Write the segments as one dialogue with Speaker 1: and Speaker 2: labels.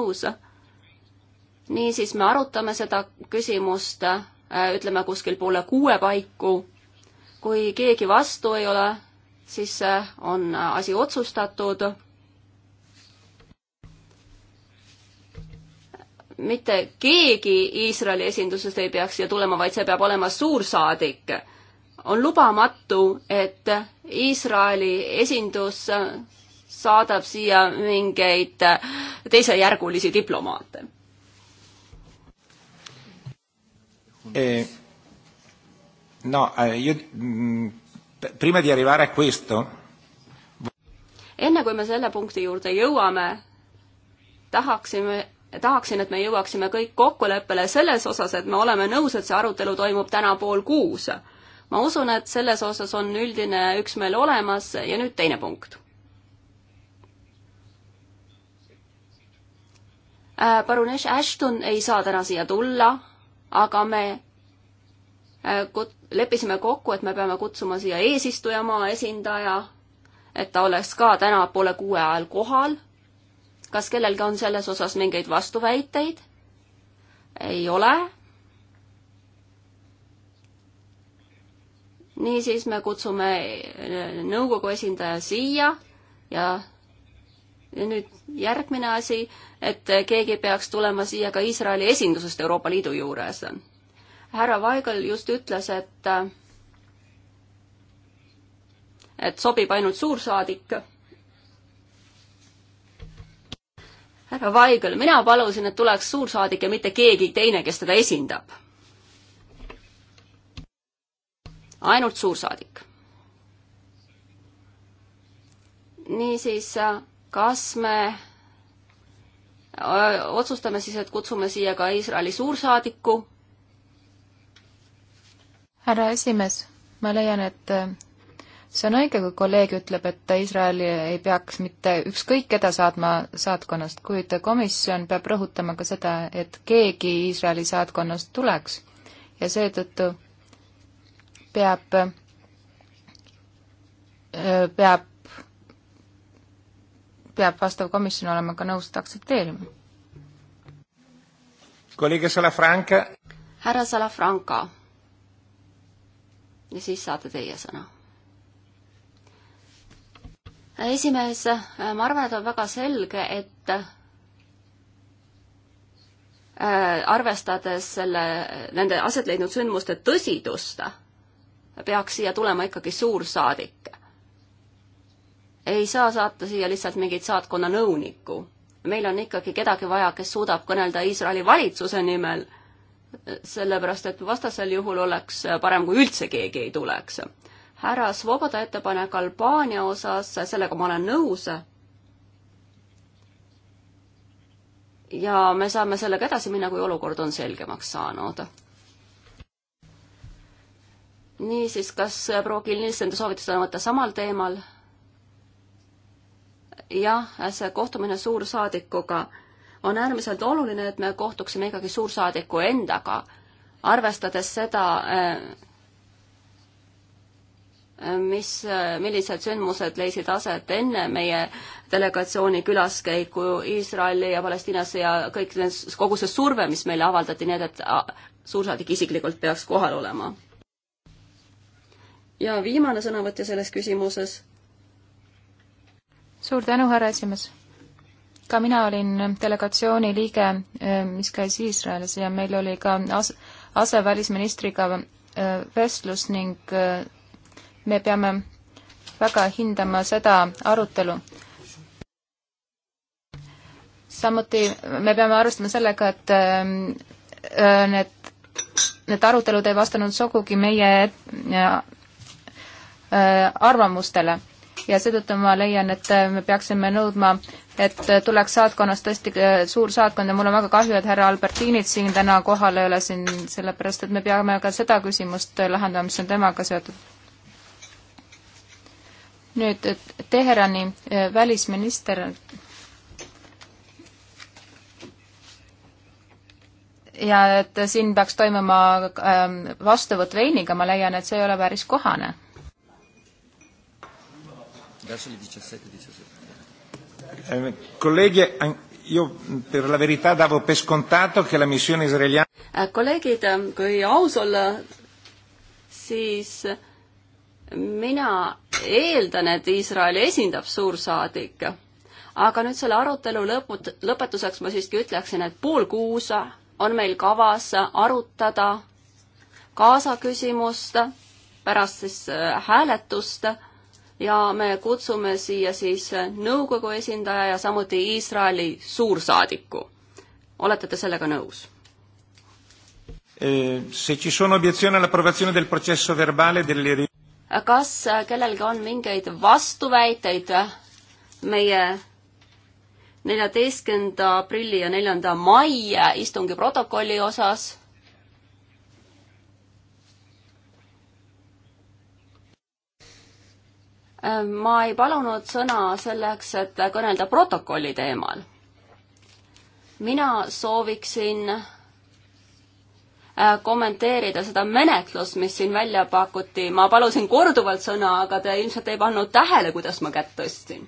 Speaker 1: nõus. niisiis me arutame seda küsimust, äh, ütleme kuskil poole kuue paiku. kui keegi vastu ei ole, siis äh, on äh, asi otsustatud. mitte keegi Iisraeli esindusest ei peaks siia tulema, vaid see peab olema suursaadik on lubamatu, et Iisraeli esindus saadab siia mingeid äh, teisejärgulisi diplomaate
Speaker 2: eh,? No, eh, io, mm, prima di arrivare a questo
Speaker 1: enne kui me selle punkti juurde jõuame, tahaksime, tahaksin, et me jõuaksime kõik kokkuleppele selles osas, et me oleme nõus, et see arutelu toimub täna pool kuus. ma usun, et selles osas on üldine üksmeel olemas ja nüüd teine punkt Äh, baroness Ashton ei saa täna siia tulla, aga me äh, leppisime kokku, et me peame kutsuma siia eesistujamaa esindaja, et ta oleks ka täna poole kuue ajal kohal. kas kellelgi on selles osas mingeid vastuväiteid? ei ole. niisiis me kutsume äh, nõukogu esindaja siia ja nüüd järgmine asi, et keegi peaks tulema siia ka Iisraeli esindusest Euroopa Liidu juures. härra Vaigel just ütles, et et sobib ainult suursaadik. härra Vaigel, mina palusin, et tuleks suursaadik ja mitte keegi teine, kes teda esindab. ainult suursaadik niisiis kas me otsustame siis, et kutsume siia ka Iisraeli suursaadiku?
Speaker 3: härra esimees, ma leian, et see on õige, kui kolleeg ütleb, et Iisraeli ei peaks mitte ükskõik keda saatma saatkonnast, kuid komisjon peab rõhutama ka seda, et keegi Iisraeli saatkonnast tuleks ja seetõttu peab, peab peab vastav komisjon olema ka nõus seda
Speaker 1: aktsepteerima.
Speaker 2: kolleeg Salafranca.
Speaker 1: härra Salafranca. ja siis saate teie sõna esimees, ma arvan, et on väga selge, et äh, arvestades selle, nende aset leidnud sündmuste tõsidust, peaks siia tulema ikkagi suursaadik ei saa saata siia lihtsalt mingit saatkonna nõunikku. meil on ikkagi kedagi vaja, kes suudab kõnelda Iisraeli valitsuse nimel, sellepärast et vastasel juhul oleks parem, kui üldse keegi ei tuleks. härra Svoboda ettepanek Albaania osas, sellega ma olen nõus. ja me saame sellega edasi minna, kui olukord on selgemaks saanud niisiis, kas proua Kilnilsen, te soovite sõna võtta samal teemal? jah, see kohtumine suursaadikuga on äärmiselt oluline, et me kohtuksime ikkagi suursaadiku endaga, arvestades seda, äh, mis, millised sündmused leisid aset enne meie delegatsiooni külaskäiku Iisraeli ja Palestiinasse ja kõik need, kogu see surve, mis meile avaldati, nii et, et suursaadik isiklikult peaks kohal olema. ja viimane sõnavõtja selles küsimuses
Speaker 3: suur tänu, härra esimees. ka mina olin delegatsiooni liige, eh, mis käis Iisraelis ja meil oli ka as-, asevälisministriga eh, vestlus ning eh, me peame väga hindama seda arutelu. samuti me peame arvestama sellega, et need, need arutelud ei vastanud sugugi meie arvamustele ja seetõttu ma leian, et äh, me peaksime nõudma, et äh, tuleks saatkonnast tõesti äh, suur saatkond ja mul on väga kahju, et härra Albertinit siin täna kohal ei ole siin, sellepärast et me peame ka seda küsimust lahendama, mis on temaga seotud nüüd Teherani välisminister ja et siin peaks toimuma ähm, vastuvõtt veiniga, ma leian, et see ei ole päris kohane
Speaker 2: verso le 17-17. Eh, colleghi, io mm, per la verità davo per scontato che la missione israeliana.
Speaker 1: kolleegid, eh, kui aus olla, siis mina eeldan, et Iisraeli esindab suursaadik. aga nüüd selle arutelu lõput-, lõpetuseks ma siiski ütleksin, et pool kuus on meil kavas arutada Gaza küsimust pärast siis äh, hääletust äh, ja me kutsume siia siis nõukogu esindaja ja samuti Iisraeli suursaadiku. olete te sellega nõus? Eh, kas kellelgi on mingeid vastuväiteid meie neljateistkümnenda aprilli ja neljanda mai istungi protokolli osas? Äh, ma ei palunud sõna selleks, et kõnelda protokolli teemal. mina sooviksin äh, kommenteerida seda menetlust, mis siin välja pakuti, ma palusin korduvalt sõna, aga te ilmselt ei pannud tähele, kuidas ma kätt tõstsin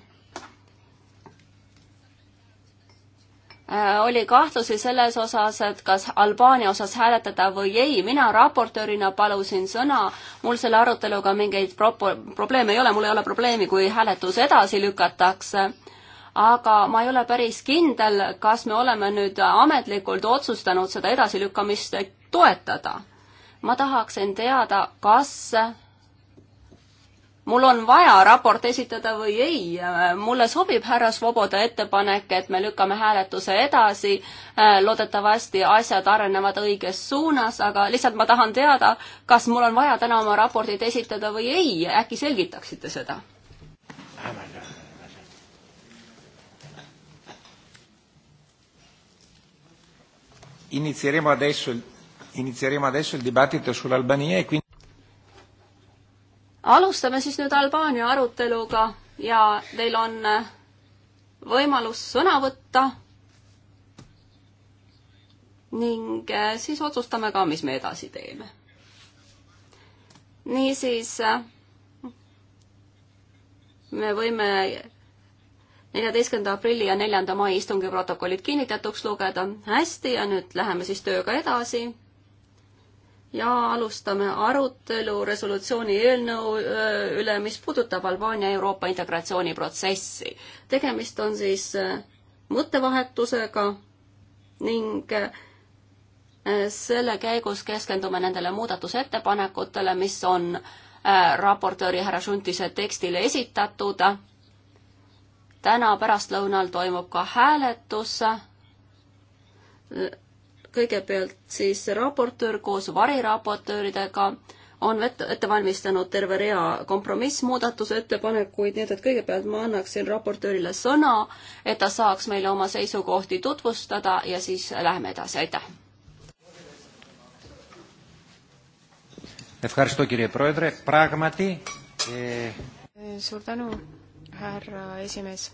Speaker 1: Äh, oli kahtlusi selles osas, et kas Albaania osas hääletada või ei. mina raportöörina palusin sõna, mul selle aruteluga mingeid propo-, probleeme ei ole, mul ei ole probleemi, kui hääletus edasi lükatakse. aga ma ei ole päris kindel, kas me oleme nüüd ametlikult otsustanud seda edasilükkamist toetada. ma tahaksin teada, kas mul on vaja raport esitada või ei, mulle sobib härra Svoboda ettepanek, et me lükkame hääletuse edasi, loodetavasti asjad arenevad õiges suunas, aga lihtsalt ma tahan teada, kas mul on vaja täna oma raportit esitada või ei, äkki selgitaksite seda?
Speaker 2: Inizieremo adesso, inizieremo adesso il dibattito sull'Albania e quindi
Speaker 1: alustame siis nüüd Albaania aruteluga ja teil on äh, võimalus sõna võtta. ning äh, siis otsustame ka, mis me edasi teeme. niisiis äh, me võime neljateistkümnenda aprilli ja neljanda mai istungi protokollid kinnitatuks lugeda. hästi, ja nüüd läheme siis tööga edasi ja alustame arutelu resolutsiooni eelnõu üle, mis puudutab Albaania Euroopa integratsiooniprotsessi. tegemist on siis mõttevahetusega ning selle käigus keskendume nendele muudatusettepanekutele, mis on raportööri härra Šuntise tekstile esitatud. täna pärastlõunal toimub ka hääletus kõigepealt siis raportöör koos variraportööridega on ette valmistanud terve rea kompromissmuudatuse ettepanekuid, nii et, et kõigepealt ma annaksin raportöörile sõna, et ta saaks meile oma seisukohti tutvustada ja siis läheme edasi, aitäh.
Speaker 4: suur tänu, härra esimees.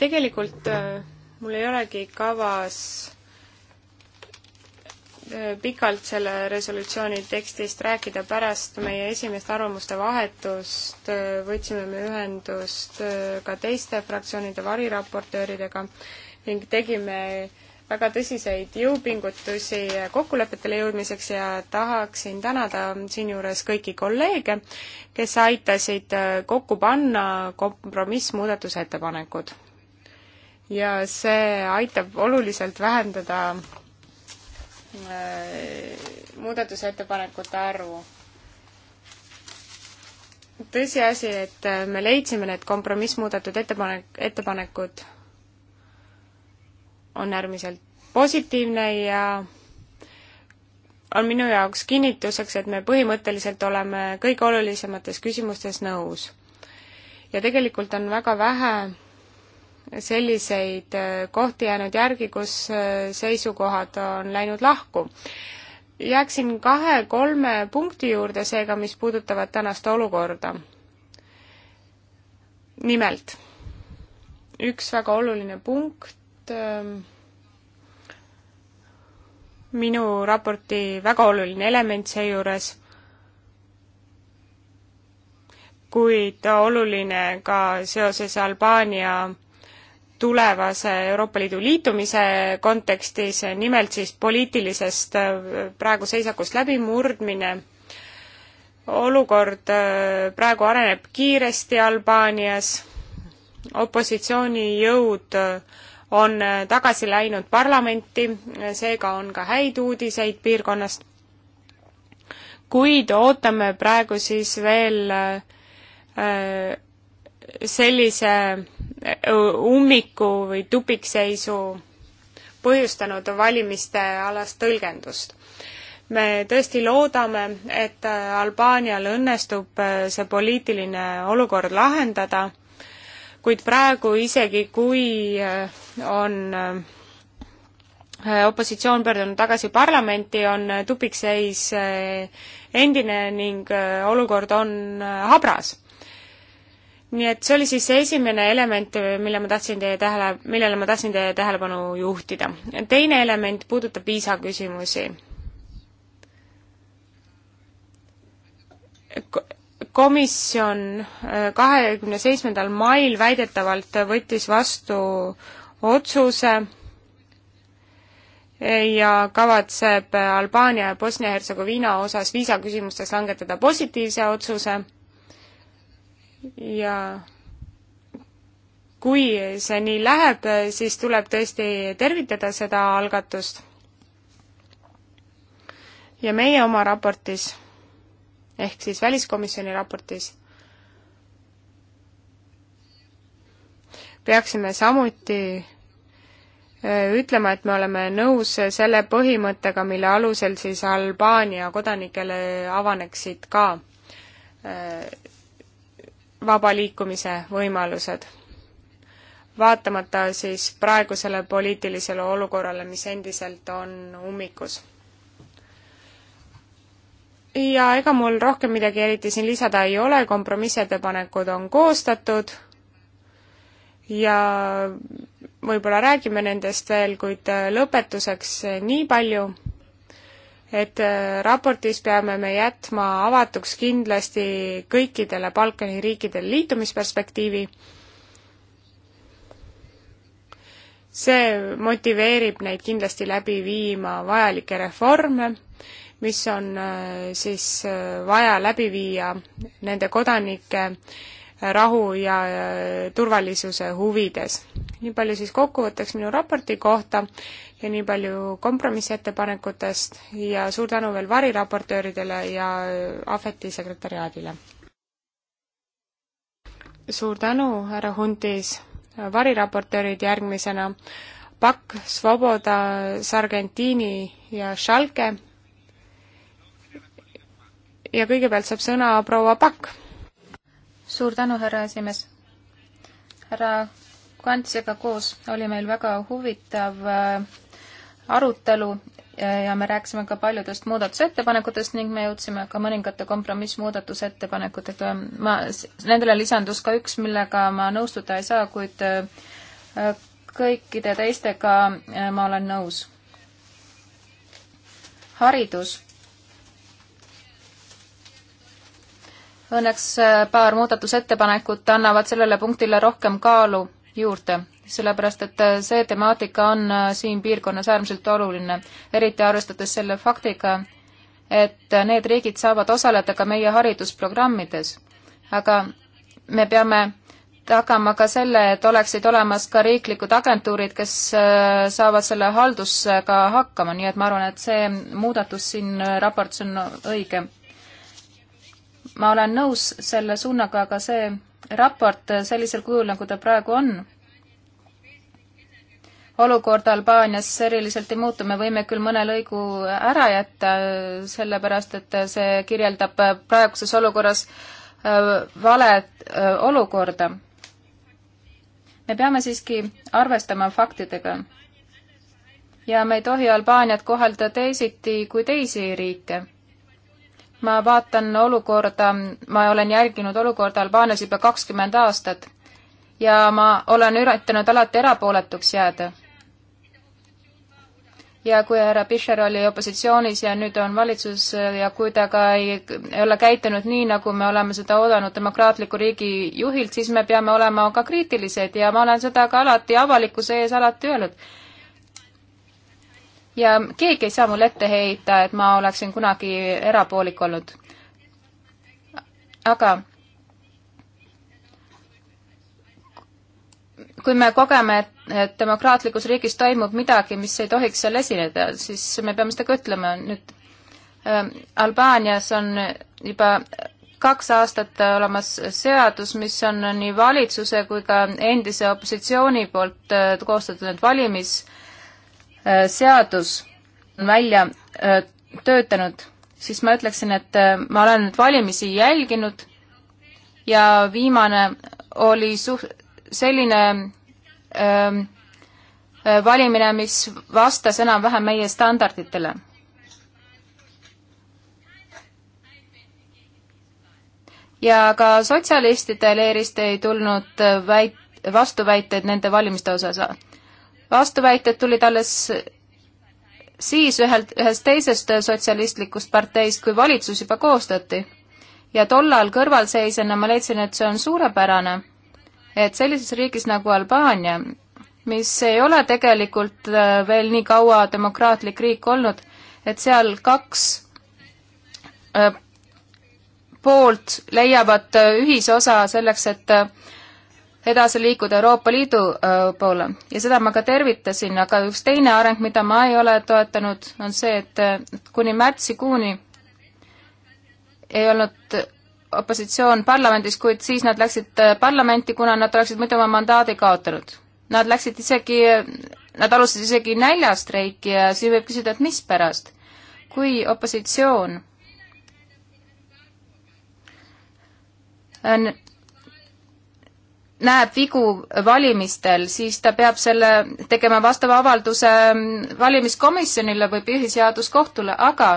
Speaker 4: tegelikult äh, mul ei olegi kavas äh, pikalt selle resolutsiooni tekstist rääkida, pärast meie esimest arvamuste vahetust äh, võtsime me ühendust äh, ka teiste fraktsioonide variraportööridega ning tegime väga tõsiseid jõupingutusi kokkulepetele jõudmiseks ja tahaksin tänada siinjuures kõiki kolleege, kes aitasid kokku panna kompromissmuudatusettepanekud ja see aitab oluliselt vähendada äh, muudatusettepanekute arvu. tõsiasi, et äh, me leidsime need kompromissmuudatud ettepanek, ettepanekud on äärmiselt positiivne ja on minu jaoks kinnituseks, et me põhimõtteliselt oleme kõige olulisemates küsimustes nõus. ja tegelikult on väga vähe selliseid äh, kohti jäänud järgi, kus äh, seisukohad on läinud lahku. jääksin kahe-kolme punkti juurde seega, mis puudutavad tänast olukorda. nimelt, üks väga oluline punkt äh, minu raporti väga oluline element seejuures kuid oluline ka seoses Albaania tulevase Euroopa Liidu liitumise kontekstis, nimelt siis poliitilisest äh, praegu seisakust läbimurdmine. olukord äh, praegu areneb kiiresti Albaanias, opositsioonijõud äh, on tagasi läinud parlamenti, seega on ka häid uudiseid piirkonnast, kuid ootame praegu siis veel äh, sellise ummiku või tupikseisu põhjustanud valimiste alast tõlgendust. me tõesti loodame, et äh, Albaanial õnnestub äh, see poliitiline olukord lahendada, kuid praegu isegi, kui äh, on opositsioon pöördunud tagasi parlamenti, on tupikseis endine ning olukord on habras nii et see oli siis see esimene element, mille ma tahtsin teie tähele, millele ma tahtsin teie tähelepanu juhtida. teine element puudutab viisaküsimusi Ko. komisjon äh, kahekümne seitsmendal mail väidetavalt võttis vastu otsuse ja kavatseb Albaania ja Bosnia-Hertsegoviina osas viisaküsimustes langetada positiivse otsuse ja kui see nii läheb, siis tuleb tõesti tervitada seda algatust. ja meie oma raportis, ehk siis väliskomisjoni raportis, peaksime samuti äh, ütlema, et me oleme nõus selle põhimõttega, mille alusel siis Albaania kodanikele avaneksid ka äh, vaba liikumise võimalused. vaatamata siis praegusele poliitilisele olukorrale, mis endiselt on ummikus. ja ega mul rohkem midagi eriti siin lisada ei ole, kompromissettepanekud on koostatud ja võib-olla räägime nendest veel, kuid lõpetuseks nii palju, et äh, raportis peame me jätma avatuks kindlasti kõikidele Balkani riikidele liitumisperspektiivi. see motiveerib neid kindlasti läbi viima vajalikke reforme, mis on äh, siis äh, vaja läbi viia nende kodanike rahu ja turvalisuse huvides. nii palju siis kokkuvõtteks minu raporti kohta ja nii palju kompromissettepanekutest ja suur tänu veel variraportööridele ja Ahveti sekretäriaadile. suur tänu, härra Huntis, variraportöörid järgmisena, Pakk, Svoboda, Sargentini ja Schalke. ja kõigepealt saab sõna proua Pakk. suur tänu, härra esimees. härra
Speaker 3: Kantsiga koos oli meil väga huvitav äh, arutelu ja me rääkisime ka paljudest muudatusettepanekutest ning me jõudsime ka mõningate kompromissmuudatusettepanekutega. ma, nendele lisandus ka üks, millega ma nõustuda ei saa, kuid äh, kõikide teistega äh, ma olen nõus. haridus. Õnneks äh, paar muudatusettepanekut annavad sellele punktile rohkem kaalu juurde sellepärast et äh, see temaatika on äh, siin piirkonnas äärmiselt oluline, eriti arvestades selle faktiga, et äh, need riigid saavad osaleda ka meie haridusprogrammides. aga me peame tagama ka selle, et oleksid olemas ka riiklikud agentuurid, kes saavad selle haldusega hakkama, nii et ma arvan, et see muudatus siin raportis on õige. ma olen nõus selle suunaga, aga see raport sellisel kujul, nagu ta praegu on, olukord Albaanias eriliselt ei muutu, me võime küll mõne lõigu ära jätta, sellepärast et see kirjeldab praeguses olukorras äh, valet äh, olukorda. me peame siiski arvestama faktidega. ja me ei tohi Albaaniat kohelda teisiti kui teisi riike ma vaatan olukorda, ma olen jälginud olukorda Albaanias juba kakskümmend aastat ja ma olen üritanud alati erapooletuks jääda ja kui härra Fischer oli opositsioonis ja nüüd on valitsus ja kui ta ka ei, ei ole käitunud nii, nagu me oleme seda oodanud demokraatliku riigi juhilt, siis me peame olema ka kriitilised ja ma olen seda ka alati avalikkuse ees alati öelnud. ja keegi ei saa mulle ette heita, et ma oleksin kunagi erapoolik olnud. aga kui me kogeme, et et demokraatlikus riigis toimub midagi, mis ei tohiks seal esineda, siis me peame seda ka ütlema. nüüd äh, Albaanias on juba kaks aastat olemas seadus, mis on nii valitsuse kui ka endise opositsiooni poolt äh, koostatud, et valimisseadus äh, on välja äh, töötanud, siis ma ütleksin, et äh, ma olen nüüd valimisi jälginud ja viimane oli suht-, selline Ähm, äh, valimine, mis vastas enam-vähem meie standarditele. ja ka sotsialistide leerist ei tulnud äh, väit-, vastuväiteid nende valimiste osas. vastuväited tulid alles siis ühelt, ühest teisest äh, sotsialistlikust parteist, kui valitsus juba koostati. ja tollal kõrvalseisjana ma leidsin, et see on suurepärane et sellises riigis nagu Albaania, mis ei ole tegelikult äh, veel nii kaua demokraatlik riik olnud, et seal kaks äh, poolt leiavad äh, ühisosa selleks, et edasi liikuda Euroopa Liidu poole ja seda ma ka tervitasin, aga üks teine areng, mida ma ei ole toetanud, on see, et kuni märtsikuuni ei olnud opositsioon parlamendis, kuid siis nad läksid äh, parlamenti, kuna nad oleksid muidu oma mandaadi kaotanud. Nad läksid isegi, nad alustasid isegi näljastreiki ja siis võib küsida, et mispärast. kui opositsioon näeb vigu valimistel, siis ta peab selle tegema vastava avalduse mm, valimiskomisjonile või põhiseaduskohtule, aga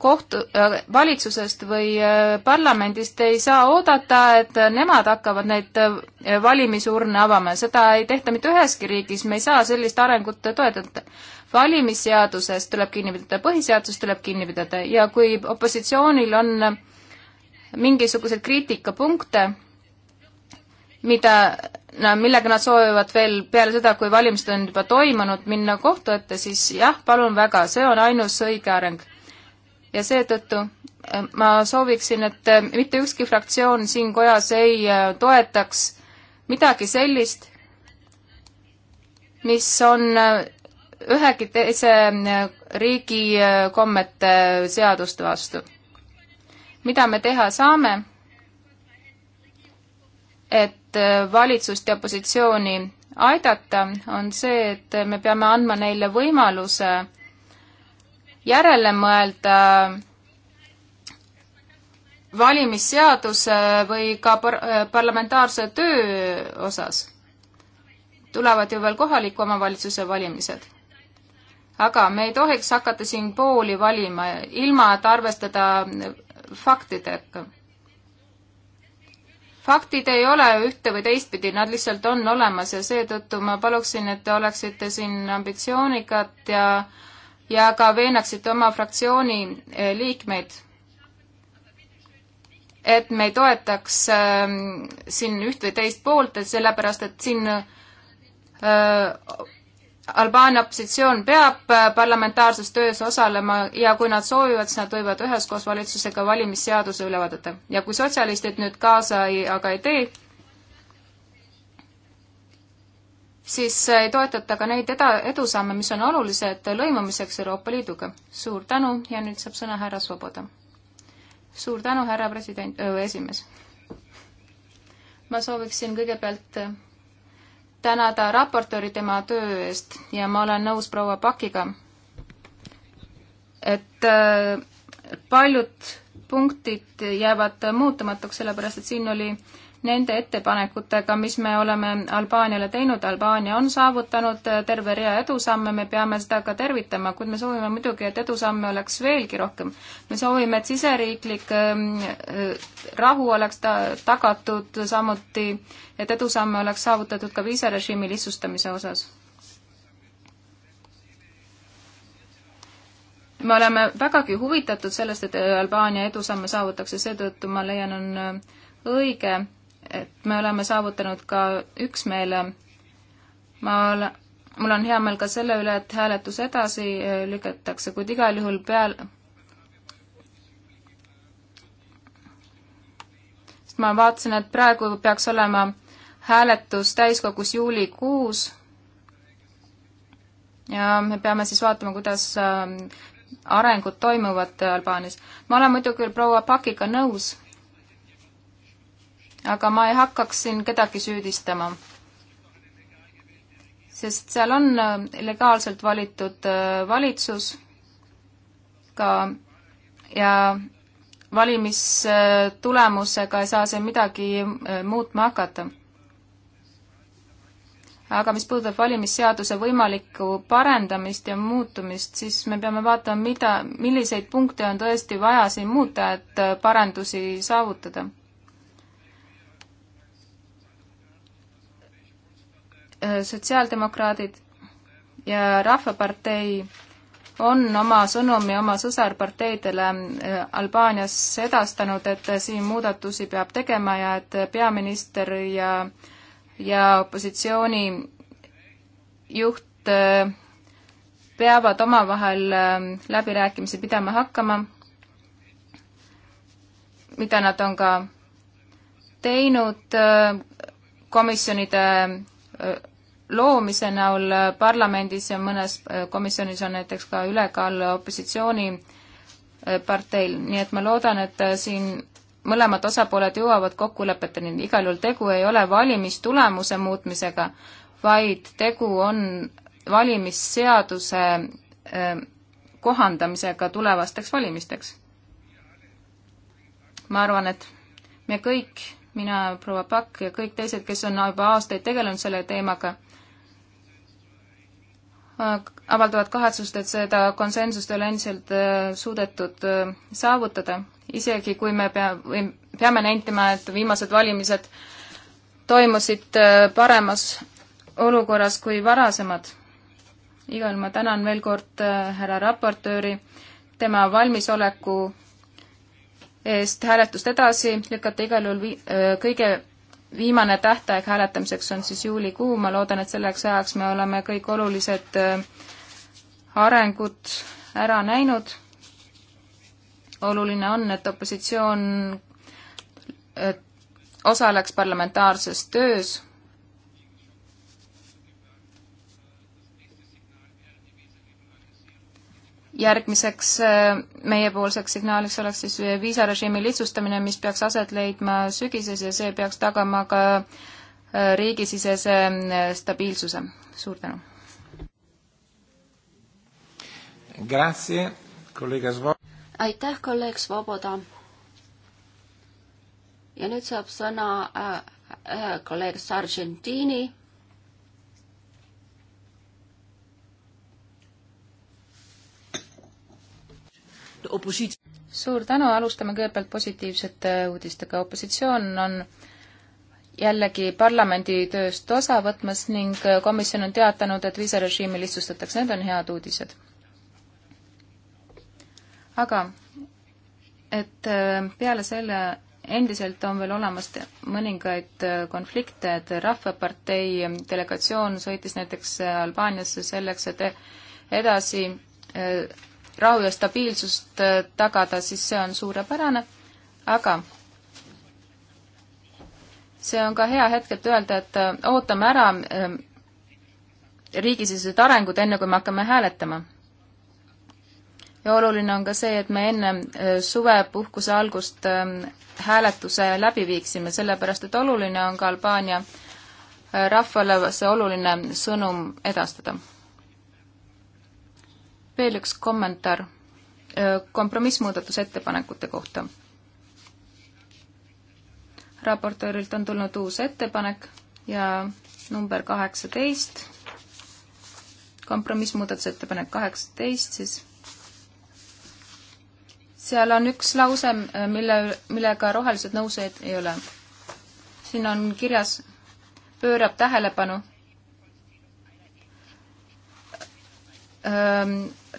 Speaker 3: kohtu, äh, valitsusest või äh, parlamendist ei saa oodata, et nemad hakkavad neid äh, valimisurne avama, seda ei tehta mitte üheski riigis, me ei saa sellist arengut toetada. valimisseadusest tuleb kinni pidada, põhiseadusest tuleb kinni pidada ja kui opositsioonil on mingisuguseid kriitikapunkte, mida, no millega nad soovivad veel peale seda, kui valimised on juba toimunud, minna kohtu ette, siis jah, palun väga, see on ainus õige areng ja seetõttu äh, ma sooviksin, et äh, mitte ükski fraktsioon siin kojas ei äh, toetaks midagi sellist, mis on ühegi teise riigi kommete seaduste vastu. mida me teha saame, et valitsust ja opositsiooni aidata, on see, et me peame andma neile võimaluse järele mõelda valimisseaduse äh, või ka par-, äh, parlamentaarse töö osas. tulevad ju veel kohaliku omavalitsuse valimised. aga me ei tohiks hakata siin pooli valima, ilma et arvestada äh, faktidega. faktid ei ole ühte või teistpidi, nad lihtsalt on olemas ja seetõttu ma paluksin, et te oleksite siin ambitsioonikad ja äh, ja ka veenaksite oma fraktsiooni eh, liikmeid, et me ei toetaks äh, siin üht või teist poolt, et sellepärast, et siin äh, Albaania opositsioon peab äh, parlamentaarses töös osalema ja kui nad soovivad, siis nad võivad üheskoos valitsusega valimisseaduse üle vaadata. ja kui sotsialistid nüüd kaasa ei, aga ei tee, siis ei toetata ka neid eda-, edusamme, mis on olulised lõimumiseks Euroopa Liiduga. suur tänu ja nüüd saab sõna härra Svoboda. suur tänu, härra president, esimees. ma sooviksin kõigepealt tänada raportööri tema töö eest ja ma olen nõus proua Pakiga, et äh, paljud punktid jäävad muutumatuks, sellepärast et siin oli äh, nende ettepanekutega, mis me oleme Albaaniale teinud. Albaania on saavutanud äh, terve rea edusamme, me peame seda ka tervitama, kuid me soovime muidugi, et edusamme oleks veelgi rohkem. me soovime, et siseriiklik ähm, äh, rahu oleks ta tagatud, samuti et edusamme oleks saavutatud ka viisarežiimi lihtsustamise osas me oleme vägagi huvitatud sellest, et Albaania edusamme saavutaks ja seetõttu ma leian, on äh, õige, et me oleme saavutanud ka üksmeele. ma olen, mul on hea meel ka selle üle, et hääletus edasi äh, lükatakse, kuid igal juhul peal, sest ma vaatasin, et praegu peaks olema hääletus täiskogus juulikuus ja me peame siis vaatama, kuidas äh, arengud toimuvad Albaanias. ma olen muidugi proua Pakiga nõus aga ma ei hakkaks siin kedagi süüdistama. sest seal on äh, legaalselt valitud äh, valitsus ka ja valimistulemusega ei saa see midagi äh, muutma hakata. aga mis puudutab valimisseaduse võimalikku parendamist ja muutumist, siis me peame vaatama, mida, milliseid punkte on tõesti vaja siin muuta, et parendusi saavutada Äh, sotsiaaldemokraadid ja Rahvapartei on oma sõnumi oma sõsarparteidele äh, Albaanias edastanud, et siin muudatusi peab tegema ja et peaminister ja, ja opositsiooni juht äh, peavad omavahel läbirääkimisi pidama hakkama, mida nad on ka teinud komisjonide loomise näol parlamendis ja mõnes äh, komisjonis on näiteks ka ülekaal opositsiooniparteil, äh, nii et ma loodan, et äh, siin mõlemad osapooled jõuavad kokkulepeteni, igal juhul tegu ei ole valimistulemuse muutmisega, vaid tegu on valimisseaduse kohandamisega tulevasteks valimisteks. ma arvan, et me kõik, mina, proua Pakk ja kõik teised, kes on juba aastaid tegelenud selle teemaga, Äh, avaldavad kahetsust, et seda konsensust ei ole endiselt äh, suudetud äh, saavutada, isegi kui me pea, või peame nentima, et viimased valimised toimusid paremas olukorras kui varasemad. igal ma tänan veel kord härra raportööri tema valmisoleku eest hääletust edasi lükata igal juhul kõige viimane tähtaeg hääletamiseks on siis juulikuu, ma loodan, et selleks ajaks me oleme kõik olulised äh, arengud ära näinud. oluline on, et opositsioon äh, osaleks parlamentaarses töös järgmiseks äh, meiepoolseks signaaliks oleks siis äh, viisarežiimi lihtsustamine, mis peaks aset leidma sügises ja see peaks tagama ka äh, riigisisese stabiilsuse. suur tänu.
Speaker 1: aitäh, kolleeg Svoboda. ja nüüd saab sõna äh, äh, kolleeg Sargentini suur
Speaker 3: tänu, alustame kõigepealt positiivsete uudistega. opositsioon on jällegi parlamendi tööst osa võtmas ning komisjon on teatanud, et viisarežiimi lihtsustatakse, need on head uudised. aga et äh, peale selle endiselt on veel olemas mõningaid äh, konflikte, et Rahvapartei delegatsioon sõitis näiteks Albaaniasse selleks, et edasi äh, rahu ja stabiilsust äh, tagada, siis see on suurepärane, aga see on ka hea hetk, et öelda, et äh, ootame ära äh, riigisisesed arengud, enne kui me hakkame hääletama. ja oluline on ka see, et me enne suvepuhkuse algust hääletuse läbi viiksime, sellepärast et oluline on ka Albaania rahvale see oluline sõnum edastada veel üks kommentaar kompromissmuudatusettepanekute kohta. raportöörilt on tulnud uus ettepanek ja number kaheksateist, kompromissmuudatusettepanek kaheksateist siis, seal on üks lause, mille, millega rohelised nõus ei ole. siin on kirjas, pöörab tähelepanu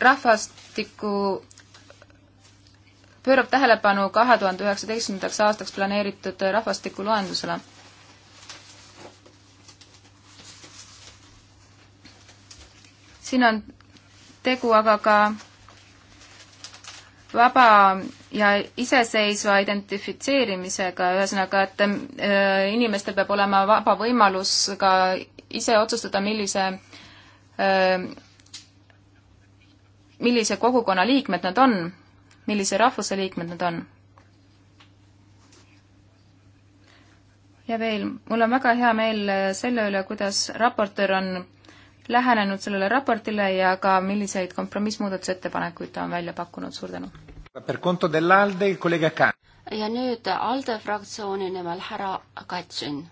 Speaker 3: rahvastiku pöörab tähelepanu kahe tuhande üheksateistkümnendaks aastaks planeeritud rahvastikuloendusele. siin on tegu aga ka vaba ja iseseisva identifitseerimisega, ühesõnaga, et inimestel peab olema vaba võimalus ka ise otsustada, millise millise kogukonna liikmed nad on, millise rahvuse liikmed nad on. ja veel, mul on väga hea meel selle üle, kuidas raportöör on lähenenud sellele raportile ja ka milliseid kompromissmuudatusettepanekuid
Speaker 1: ta on välja pakkunud, suur tänu! ja nüüd ALDE fraktsiooni nimel härra Katsin.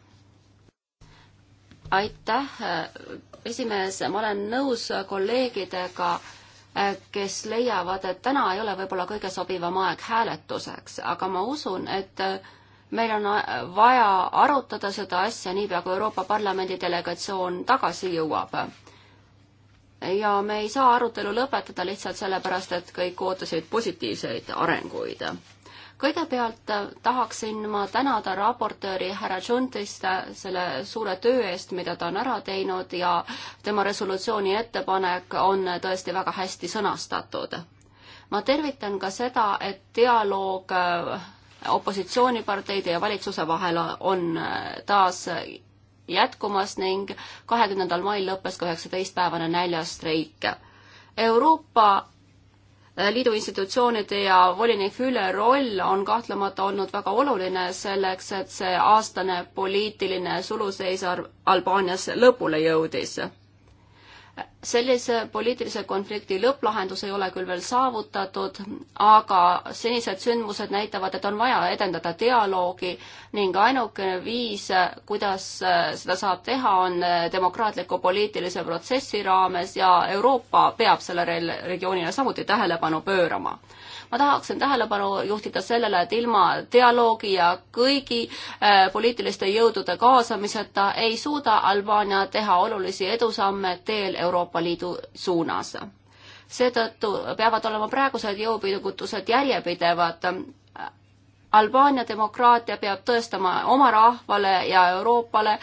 Speaker 1: aitäh, esimees, ma olen nõus kolleegidega Äh, kes leiavad, et täna ei ole võib-olla kõige sobivam aeg hääletuseks, aga ma usun, et äh, meil on äh, vaja arutada seda asja niipea, kui Euroopa Parlamendi delegatsioon tagasi jõuab. ja me ei saa arutelu lõpetada lihtsalt sellepärast, et kõik ootasid positiivseid arenguid kõigepealt äh, tahaksin ma tänada raportööri härra Džuntist äh, selle suure töö eest, mida ta on ära teinud ja tema resolutsiooni ettepanek on äh, tõesti väga hästi sõnastatud. ma tervitan ka seda, et dialoog opositsiooniparteide ja valitsuse vahel on taas jätkumas ning kahekümnendal mail lõppes ka üheksateistpäevane näljastreik. Euroopa Äh, liidu institutsioonide ja volinik Füle roll on kahtlemata olnud väga oluline selleks, et see aastane poliitiline suluseis Albaanias lõpule jõudis sellise poliitilise konflikti lõpplahendus ei ole küll veel saavutatud, aga senised sündmused näitavad, et on vaja edendada dialoogi ning ainukene viis, kuidas seda saab teha, on demokraatliku poliitilise protsessi raames ja Euroopa peab sellele regioonile samuti tähelepanu pöörama ma tahaksin tähelepanu juhtida sellele, et ilma dialoogi ja kõigi äh, poliitiliste jõudude kaasamiseta ei suuda Albaania teha olulisi edusamme teel Euroopa Liidu suunas seetõttu peavad olema praegused jõupingutused järjepidevad Albaania demokraatia peab tõestama oma rahvale ja Euroopale,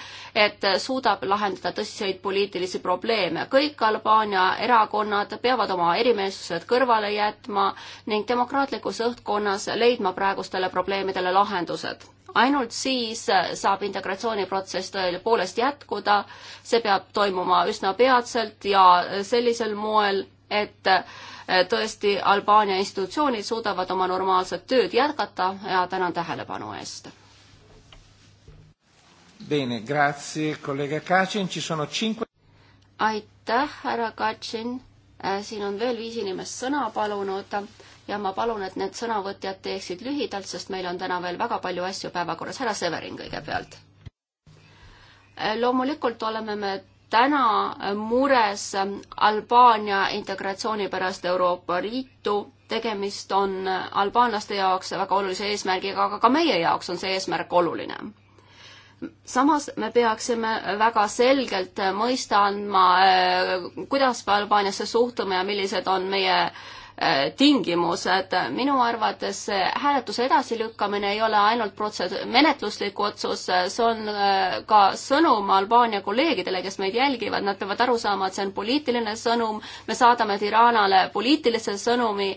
Speaker 1: et suudab lahendada tõsiseid poliitilisi probleeme. kõik Albaania erakonnad peavad oma erimeelsused kõrvale jätma ning demokraatlikus õhkkonnas leidma praegustele probleemidele lahendused. ainult siis saab integratsiooniprotsess tõepoolest jätkuda, see peab toimuma üsna peatselt ja sellisel moel, et Eh, tõesti Albaania institutsioonid suudavad oma normaalset tööd jätkata ja tänan tähelepanu
Speaker 2: eest. Bene, grazie, kolleeg Kacin, ci sono cinque.
Speaker 1: aitäh, härra Kacin. Eh, siin on veel viis inimest sõna palunud ja ma palun, et need sõnavõtjad teeksid lühidalt, sest meil on täna veel väga palju asju päevakorras. härra Severin kõigepealt. Eh, loomulikult oleme me täna mures Albaania integratsiooni pärast Euroopa Liitu. tegemist on albaanlaste jaoks väga olulise eesmärgiga, aga ka meie jaoks on see eesmärk oluline. samas me peaksime väga selgelt mõista andma, kuidas me Albaaniasse suhtume ja millised on meie äh, Äh, tingimused. minu arvates hääletuse edasilükkamine ei ole ainult protsess, menetluslik otsus, see on äh, ka sõnum Albaania kolleegidele, kes meid jälgivad, nad peavad aru saama, et see on poliitiline sõnum, me saadame Tiranale poliitilise sõnumi,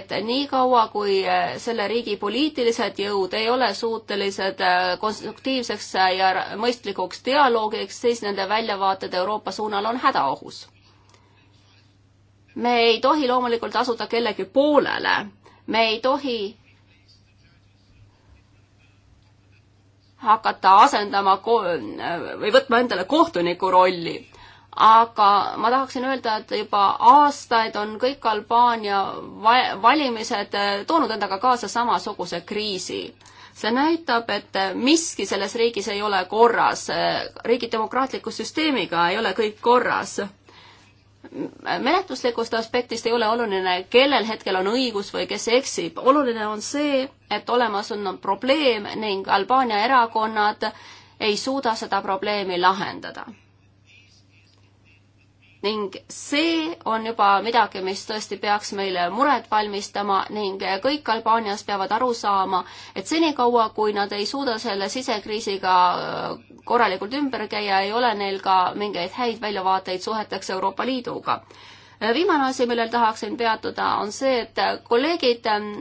Speaker 1: et niikaua, kui äh, selle riigi poliitilised jõud ei ole suutelised konstruktiivseks ja mõistlikuks dialoogiks, siis nende väljavaated Euroopa suunal on hädaohus me ei tohi loomulikult asuda kellegi poolele, me ei tohi hakata asendama või võtma endale kohtuniku rolli. aga ma tahaksin öelda, et juba aastaid on kõik Albaania valimised eh, toonud endaga kaasa samasuguse kriisi. see näitab, et eh, miski selles riigis ei ole korras, eh, riigi demokraatliku süsteemiga ei ole kõik korras menetluslikust aspektist ei ole oluline, kellel hetkel on õigus või kes eksib. oluline on see, et olemas on probleem ning Albaania erakonnad ei suuda seda probleemi lahendada ning see on juba midagi, mis tõesti peaks meile muret valmistama ning kõik Albaanias peavad aru saama, et senikaua, kui nad ei suuda selle sisekriisiga äh, korralikult ümber käia, ei ole neil ka mingeid häid väljavaateid suheteks Euroopa Liiduga. Äh, viimane asi, millel tahaksin peatuda, on see, et äh, kolleegid ähm,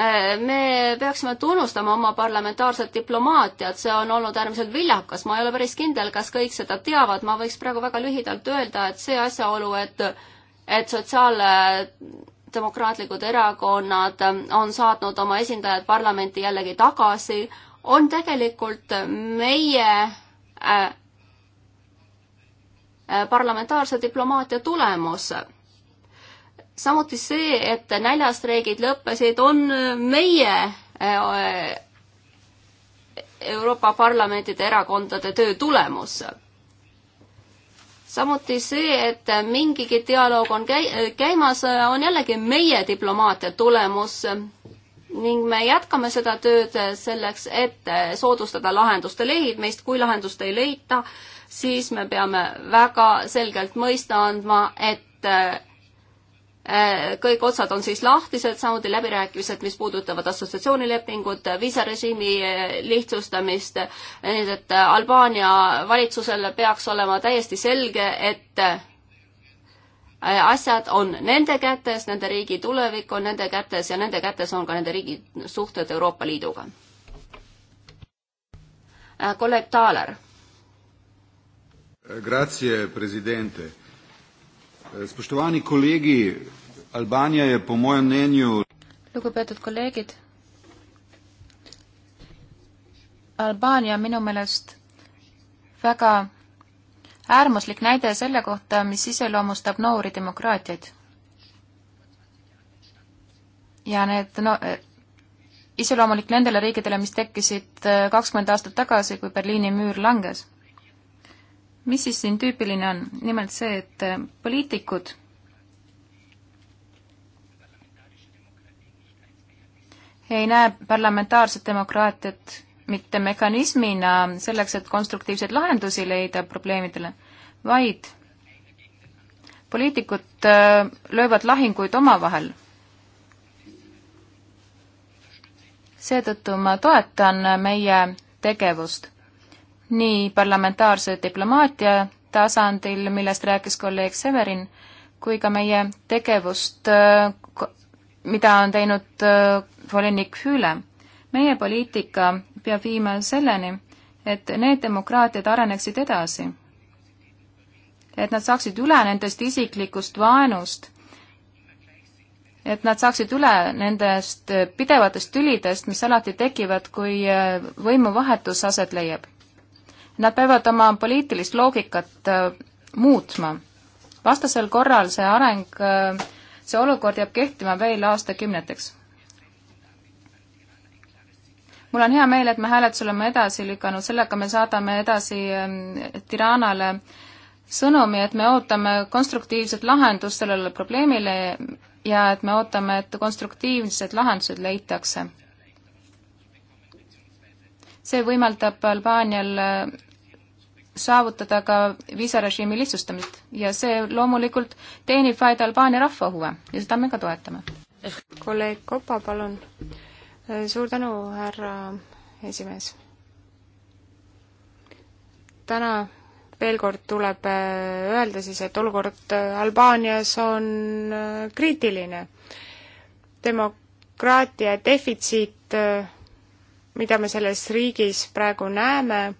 Speaker 1: Äh, me peaksime tunnustama oma parlamentaarset diplomaatiat, see on olnud äärmiselt viljakas, ma ei ole päris kindel, kas kõik seda teavad, ma võiks praegu väga lühidalt öelda, et see asjaolu, et et sotsiaaldemokraatlikud erakonnad on saatnud oma esindajad parlamenti jällegi tagasi, on tegelikult meie äh, äh parlamentaarse diplomaatia tulemus samuti see, et näljastreigid lõppesid, on meie äh, äh, Euroopa Parlamentide erakondade töö tulemus. samuti see, et mingigi dialoog on käi-, äh, käimas, on jällegi meie diplomaatia tulemus ning me jätkame seda tööd selleks, et soodustada lahenduste leidmist, kui lahendust ei leita, siis me peame väga selgelt mõista andma, et Äh, kõik otsad on siis lahtised, samuti läbirääkimised, mis puudutavad assotsiatsioonilepingut, viisarežiimi äh, lihtsustamist, nii et äh, Albaania valitsusel peaks olema täiesti selge, et asjad on nende kätes, nende riigi tulevik on nende kätes ja nende kätes on ka nende riigi suhted Euroopa Liiduga. kolleeg Taaler.
Speaker 2: Grazie, president Spoštovani kolegi, Albanija je po mojem mnenju.
Speaker 3: lugupeetud kolleegid. Albaania minu meelest väga äärmuslik näide selle kohta, mis iseloomustab noori demokraatiaid. ja need no, iseloomulik nendele riikidele, mis tekkisid eh, kakskümmend aastat tagasi, kui Berliini müür langes mis siis siin tüüpiline on? nimelt see, et äh, poliitikud ei näe parlamentaarset demokraatiat mitte mekanismina selleks, et konstruktiivseid lahendusi leida probleemidele, vaid poliitikud äh, löövad lahinguid omavahel. seetõttu ma toetan meie tegevust nii parlamentaarse diplomaatia tasandil, millest rääkis kolleeg Severin, kui ka meie tegevust, mida on teinud äh, volinik Füüle. meie poliitika peab viima selleni, et need demokraatiad areneksid edasi. et nad saaksid üle nendest isiklikust vaenust, et nad saaksid üle nendest pidevatest tülidest, mis alati tekivad, kui äh, võimuvahetus aset leiab nad peavad oma poliitilist loogikat äh, muutma. vastasel korral see areng, äh, see olukord jääb kehtima veel aastakümneteks. mul on hea meel, et me hääletuse oleme edasi lükanud, sellega me saadame edasi ähm, Tiranale sõnumi, et me ootame konstruktiivset lahendust sellele probleemile ja et me ootame, et konstruktiivsed lahendused leitakse see võimaldab Albaanial äh, saavutada ka viisarežiimi lihtsustamist ja see loomulikult teenib vaid Albaania
Speaker 4: rahva huve ja seda me ka toetame. kolleeg Kopa, palun. Äh, suur tänu, härra esimees. täna veel kord tuleb äh, öelda siis, et olukord Albaanias on kriitiline. demokraatia defitsiit mida me selles riigis praegu näeme,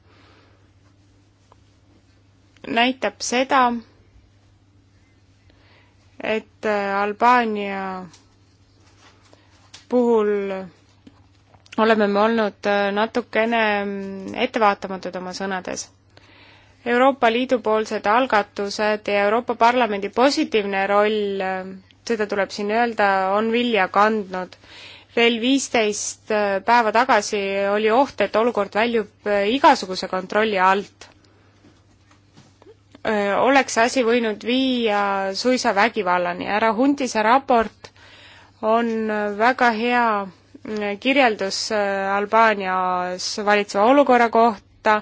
Speaker 4: näitab seda, et äh, Albaania puhul oleme me olnud äh, natukene mm, ettevaatamatud oma sõnades. Euroopa Liidu poolsed algatused ja Euroopa Parlamendi positiivne roll, äh, seda tuleb siin öelda, on vilja kandnud veel viisteist äh, päeva tagasi oli oht, et olukord väljub äh, igasuguse kontrolli alt. Äh, oleks asi võinud viia suisa vägivallani. härra Huntise raport on väga hea kirjeldus Albaanias valitseva olukorra kohta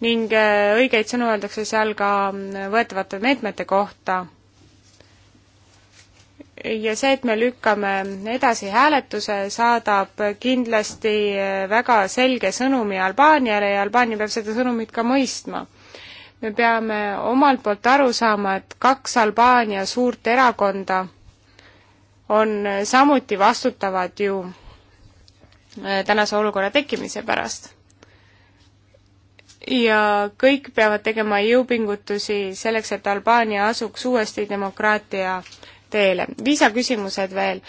Speaker 4: ning õigeid sõnu öeldakse seal ka mm, võetavate meetmete kohta ja see, et me lükkame edasi hääletuse, saadab kindlasti äh, väga selge sõnumi Albaaniale ja Albaania peab seda sõnumit ka mõistma. me peame omalt poolt aru saama, et kaks Albaania suurt erakonda on äh, samuti vastutavad ju äh, tänase olukorra tekkimise pärast ja kõik peavad tegema jõupingutusi selleks, et Albaania asuks uuesti demokraatia teele. viisaküsimused veel.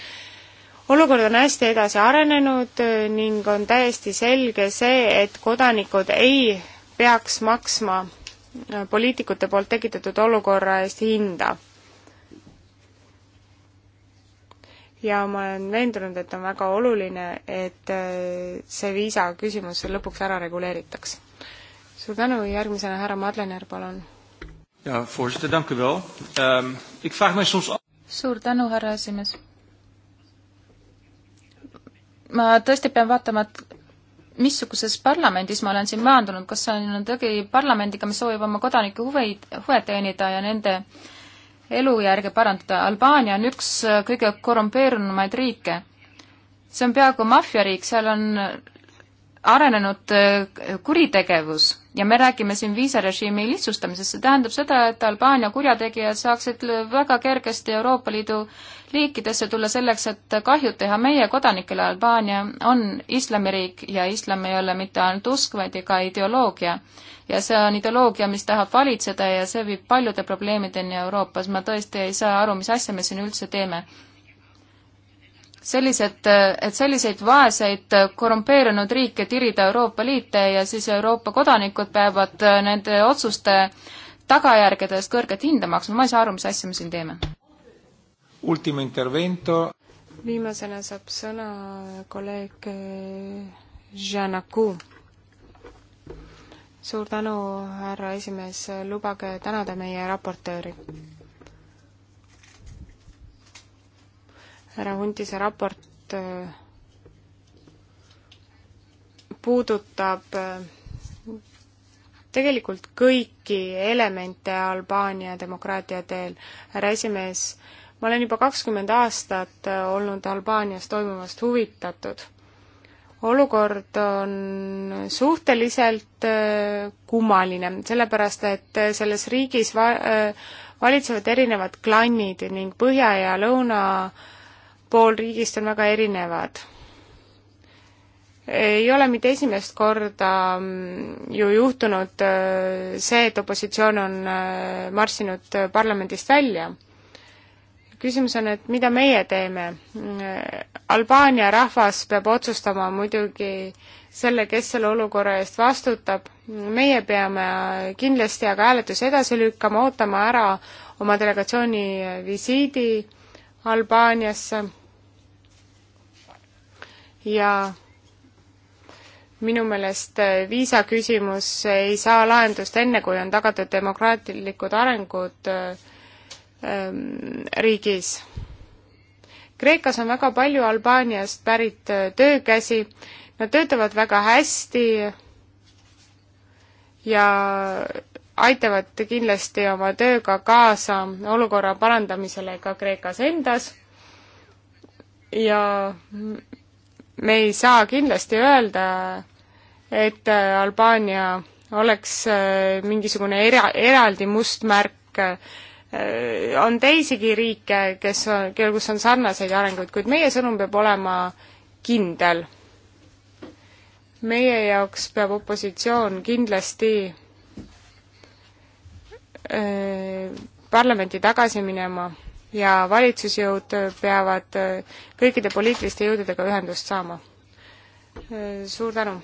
Speaker 4: olukord on hästi edasi arenenud äh, ning on täiesti selge see, et kodanikud ei peaks maksma äh, poliitikute poolt tekitatud olukorra eest hinda. ja ma olen veendunud, et on väga oluline, et äh, see viisaküsimus lõpuks ära reguleeritaks. suur tänu, järgmisena härra Madlener, palun.
Speaker 2: ja, voorzitter, dank u wel um,. Ik vraag mij soms
Speaker 4: suur
Speaker 3: tänu, härra esimees. ma tõesti pean vaatama, et missuguses parlamendis ma olen siin maandunud, kas see on tõgi parlamendiga, mis soovib oma kodanike huveid, huve teenida ja nende elujärge parandada. Albaania on üks kõige korrumpeerunumaid riike. see on peaaegu maffiariik, seal on arenenud äh, kuritegevus ja me räägime siin viisarežiimi lihtsustamisest, see tähendab seda, et Albaania kurjategijad saaksid väga kergesti Euroopa Liidu riikidesse tulla selleks, et kahjud teha meie kodanikele. Albaania on islamiriik ja islam ei ole mitte ainult usk, vaid ka ideoloogia. ja see on ideoloogia, mis tahab valitseda ja see viib paljude probleemideni Euroopas. ma tõesti ei saa aru, mis asja me siin üldse teeme sellised, et selliseid vaeseid korrumpeerunud riike tirida Euroopa Liite ja siis Euroopa kodanikud peavad nende otsuste tagajärgedest kõrget hinda maksma, ma ei saa aru, mis asja me siin teeme.
Speaker 4: viimasena saab sõna kolleeg eh, Janaku. suur tänu, härra esimees, lubage tänada meie raportööri härra Huntise raport äh, puudutab äh, tegelikult kõiki elemente Albaania demokraatia teel. härra esimees, ma olen juba kakskümmend aastat äh, olnud Albaanias toimuvast huvitatud. olukord on suhteliselt kummaline, sellepärast et selles riigis va-, valitsevad erinevad klannid ning põhja ja lõuna äh, pool riigist on väga erinevad. ei ole mitte esimest korda mm, ju juhtunud äh, see, et opositsioon on äh, marssinud parlamendist välja. küsimus on, et mida meie teeme? Äh, Albaania rahvas peab otsustama muidugi selle, kes selle olukorra eest vastutab, meie peame kindlasti aga hääletuse edasi lükkama, ootama ära oma delegatsiooni visiidi Albaaniasse ja minu meelest viisaküsimus ei saa lahendust enne, kui on tagatud demokraatlikud arengud ähm, riigis. Kreekas on väga palju Albaaniast pärit äh, töökäsi, nad töötavad väga hästi ja aitavad kindlasti oma tööga kaasa olukorra parandamisele ka Kreekas endas ja me ei saa kindlasti öelda, et äh, Albaania oleks äh, mingisugune era, eraldi mustmärk, äh, on teisigi riike, kes on, kus on sarnaseid arenguid, kuid meie sõnum peab olema kindel. meie jaoks peab opositsioon kindlasti parlamenti tagasi minema ja valitsusjõud peavad äh, kõikide poliitiliste jõududega ühendust saama. Äh, suur tänu!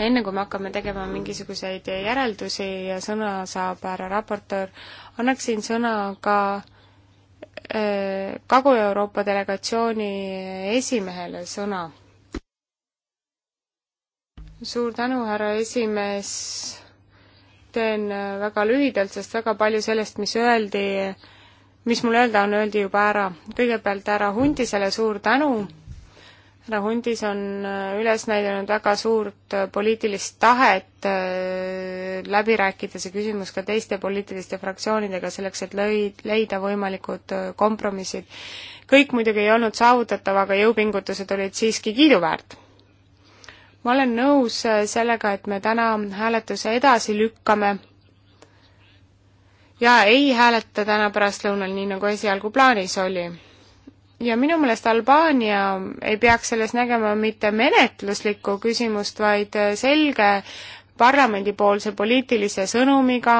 Speaker 4: enne kui me hakkame tegema mingisuguseid järeldusi ja sõna saab härra raportöör, annaksin sõna ka äh, Kagu-Euroopa delegatsiooni esimehele sõna. suur tänu, härra esimees! teen väga lühidalt, sest väga palju sellest, mis öeldi, mis mul öelda on, öeldi juba ära. kõigepealt härra Hundisele suur tänu. härra Hundis on äh, üles näidanud väga suurt äh, poliitilist tahet äh, läbi rääkida see küsimus ka teiste poliitiliste fraktsioonidega, selleks et lõid, leida võimalikud kompromissid. kõik muidugi ei olnud saavutatav, aga jõupingutused olid siiski kiiduväärt ma olen nõus sellega, et me täna hääletuse edasi lükkame ja ei hääleta täna pärastlõunal, nii nagu esialgu plaanis oli. ja minu meelest Albaania ei peaks selles nägema mitte menetluslikku küsimust, vaid selge parlamendipoolse poliitilise sõnumiga,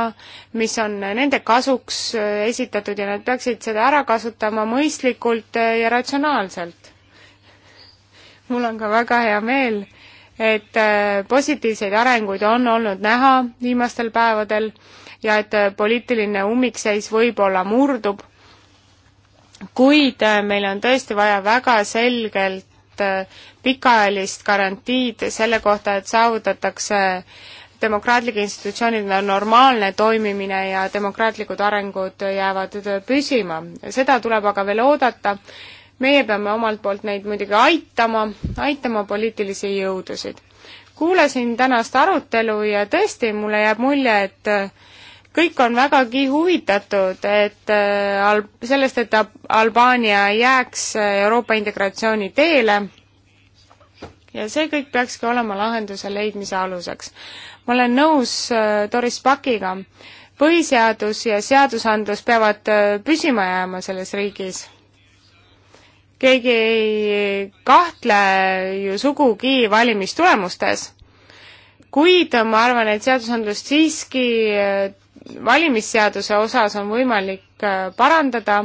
Speaker 4: mis on nende kasuks esitatud ja nad peaksid seda ära kasutama mõistlikult ja ratsionaalselt. mul on ka väga hea meel, et positiivseid arenguid on olnud näha viimastel päevadel ja et äh, poliitiline ummikseis võib-olla murdub, kuid äh, meil on tõesti vaja väga selgelt äh, pikaajalist garantiid selle kohta, et saavutatakse demokraatlike institutsioonide normaalne toimimine ja demokraatlikud arengud jäävad püsima. seda tuleb aga veel oodata. meie peame omalt poolt neid muidugi aitama, aitama poliitilisi jõudusid. kuulasin tänast arutelu ja tõesti, mulle jääb mulje, et kõik on vägagi huvitatud, et äh, al-, sellest, et Albaania jääks äh, Euroopa integratsiooni teele ja see kõik peakski olema lahenduse leidmise aluseks. ma olen nõus äh, Doris Pakiga, põhiseadus ja seadusandlus peavad püsima jääma selles riigis. keegi ei kahtle ju sugugi valimistulemustes kuid ma arvan, et seadusandlust siiski valimisseaduse osas on võimalik äh, parandada,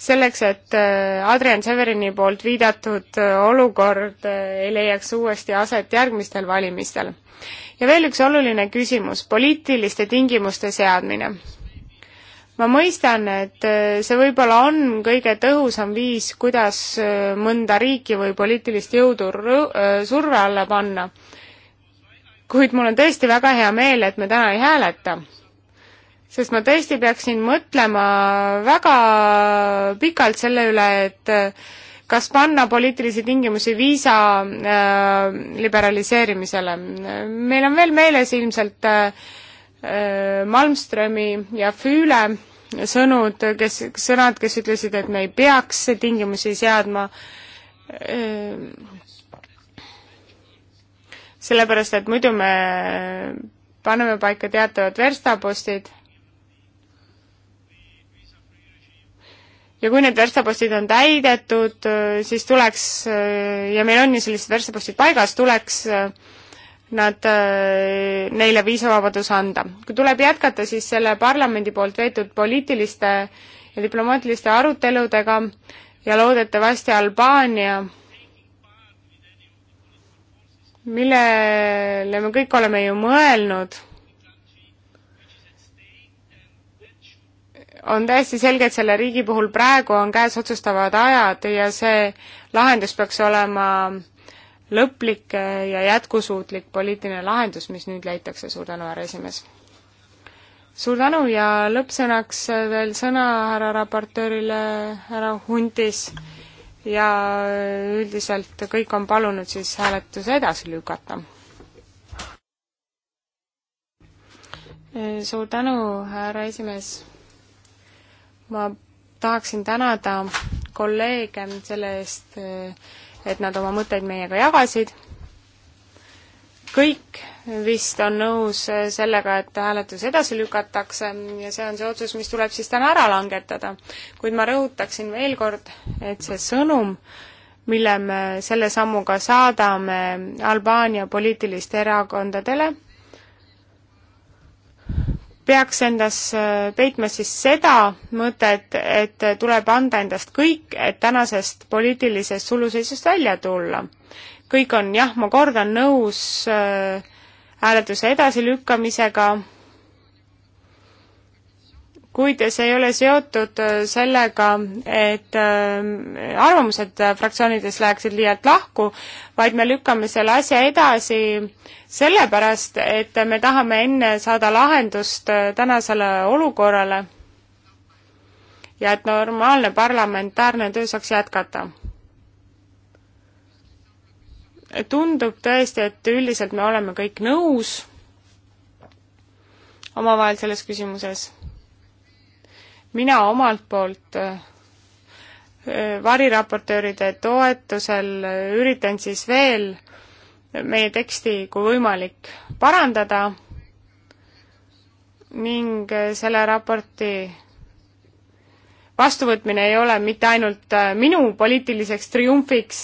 Speaker 4: selleks, et äh, Adrian Severini poolt viidatud äh, olukord ei leiaks uuesti aset järgmistel valimistel. ja veel üks oluline küsimus, poliitiliste tingimuste seadmine. ma mõistan, et see võib-olla on kõige tõhusam viis, kuidas mõnda riiki või poliitilist jõudu surve alla panna, kuid mul on tõesti väga hea meel, et me täna ei hääleta sest ma tõesti peaksin mõtlema väga pikalt selle üle, et äh, kas panna poliitilisi tingimusi viisa äh, liberaliseerimisele. meil on veel meeles ilmselt äh, äh, Malmströmi ja Füüle sõnud, kes, sõnad, kes ütlesid, et me ei peaks tingimusi seadma äh, sellepärast, et muidu me paneme paika teatavad verstapostid ja kui need verstapostid on täidetud, äh, siis tuleks, äh, ja meil on ju sellised verstapostid paigas, tuleks äh, nad, neile viisavabadus anda. kui tuleb jätkata siis selle parlamendi poolt veetud poliitiliste ja diplomaatiliste aruteludega ja loodetavasti Albaania, millele me kõik oleme ju mõelnud on täiesti selge, et selle riigi puhul praegu on käes otsustavad ajad ja see lahendus peaks olema lõplik ja jätkusuutlik poliitiline lahendus, mis nüüd leitakse, suur tänu, härra esimees! suur tänu ja lõppsõnaks veel sõna härra raportöörile, härra Huntis, ja üldiselt kõik on palunud siis hääletuse edasi lükata. suur tänu, härra esimees! ma tahaksin tänada kolleege selle eest, et nad oma mõtteid meiega jagasid. kõik vist on nõus sellega, et hääletus edasi lükatakse ja see on see otsus, mis tuleb siis täna ära langetada. kuid ma rõhutaksin veel kord, et see sõnum, mille me selle sammuga saadame Albaania poliitilistele erakondadele, peaks endas äh, peitma siis seda mõtet, et tuleb anda endast kõik, et tänasest poliitilisest suluseisust välja tulla. kõik on jah, ma kordan, nõus äh, hääletuse äh, edasilükkamisega kuid see ei ole seotud äh, sellega, et äh, arvamused äh, fraktsioonides läheksid liialt lahku, vaid me lükkame selle asja edasi sellepärast, et me tahame enne saada lahendust tänasele olukorrale ja et normaalne parlamentäärne töö saaks jätkata. tundub tõesti, et üldiselt me oleme kõik nõus omavahel selles küsimuses mina omalt poolt äh, variraportööride toetusel äh, üritan siis veel meie teksti, kui võimalik, parandada ning äh, selle raporti vastuvõtmine ei ole mitte ainult minu poliitiliseks triumfiks,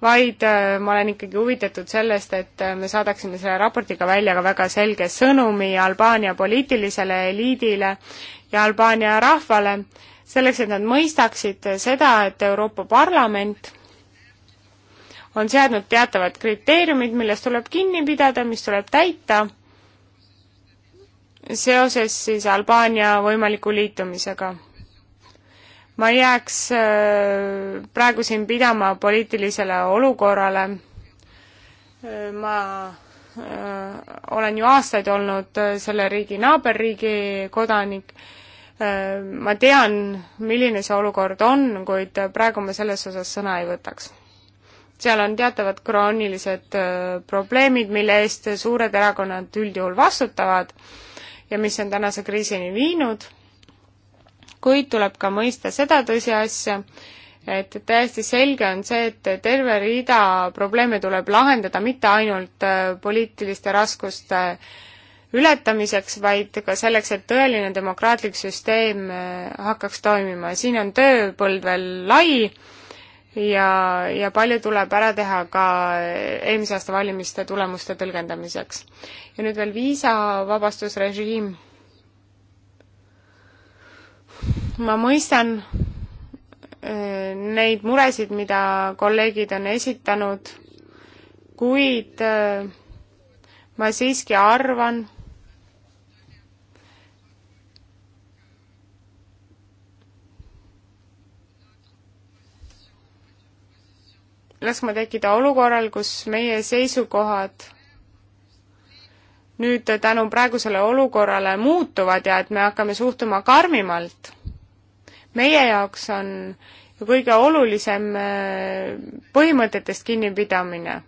Speaker 4: vaid ma olen ikkagi huvitatud sellest, et me saadaksime selle raportiga välja ka väga selge sõnumi Albaania poliitilisele eliidile ja Albaania rahvale, selleks et nad mõistaksid seda, et Euroopa Parlament on seadnud teatavad kriteeriumid, millest tuleb kinni pidada, mis tuleb täita seoses siis Albaania võimaliku liitumisega. ma ei jääks äh, praegu siin pidama poliitilisele olukorrale, äh, ma Äh, olen ju aastaid olnud äh, selle riigi naaberriigi kodanik, äh, ma tean, milline see olukord on, kuid praegu ma selles osas sõna ei võtaks. seal on teatavad kroonilised probleemid, mille eest suured erakonnad üldjuhul vastutavad ja mis on tänase kriisini viinud, kuid tuleb ka mõista seda tõsiasja, et täiesti selge on see, et terve rida probleeme tuleb lahendada mitte ainult äh, poliitiliste raskuste ületamiseks, vaid ka selleks, et tõeline demokraatlik süsteem äh, hakkaks toimima. siin on tööpõld veel lai ja, ja palju tuleb ära teha ka äh, eelmise aasta valimiste tulemuste tõlgendamiseks. ja nüüd veel viisavabastusrežiim. ma mõistan, Äh, neid muresid, mida kolleegid on esitanud, kuid äh, ma siiski arvan, laskma tekkida olukorral, kus meie seisukohad nüüd tänu praegusele olukorrale muutuvad ja et me hakkame suhtuma karmimalt meie jaoks on ju kõige olulisem äh, põhimõtetest kinnipidamine.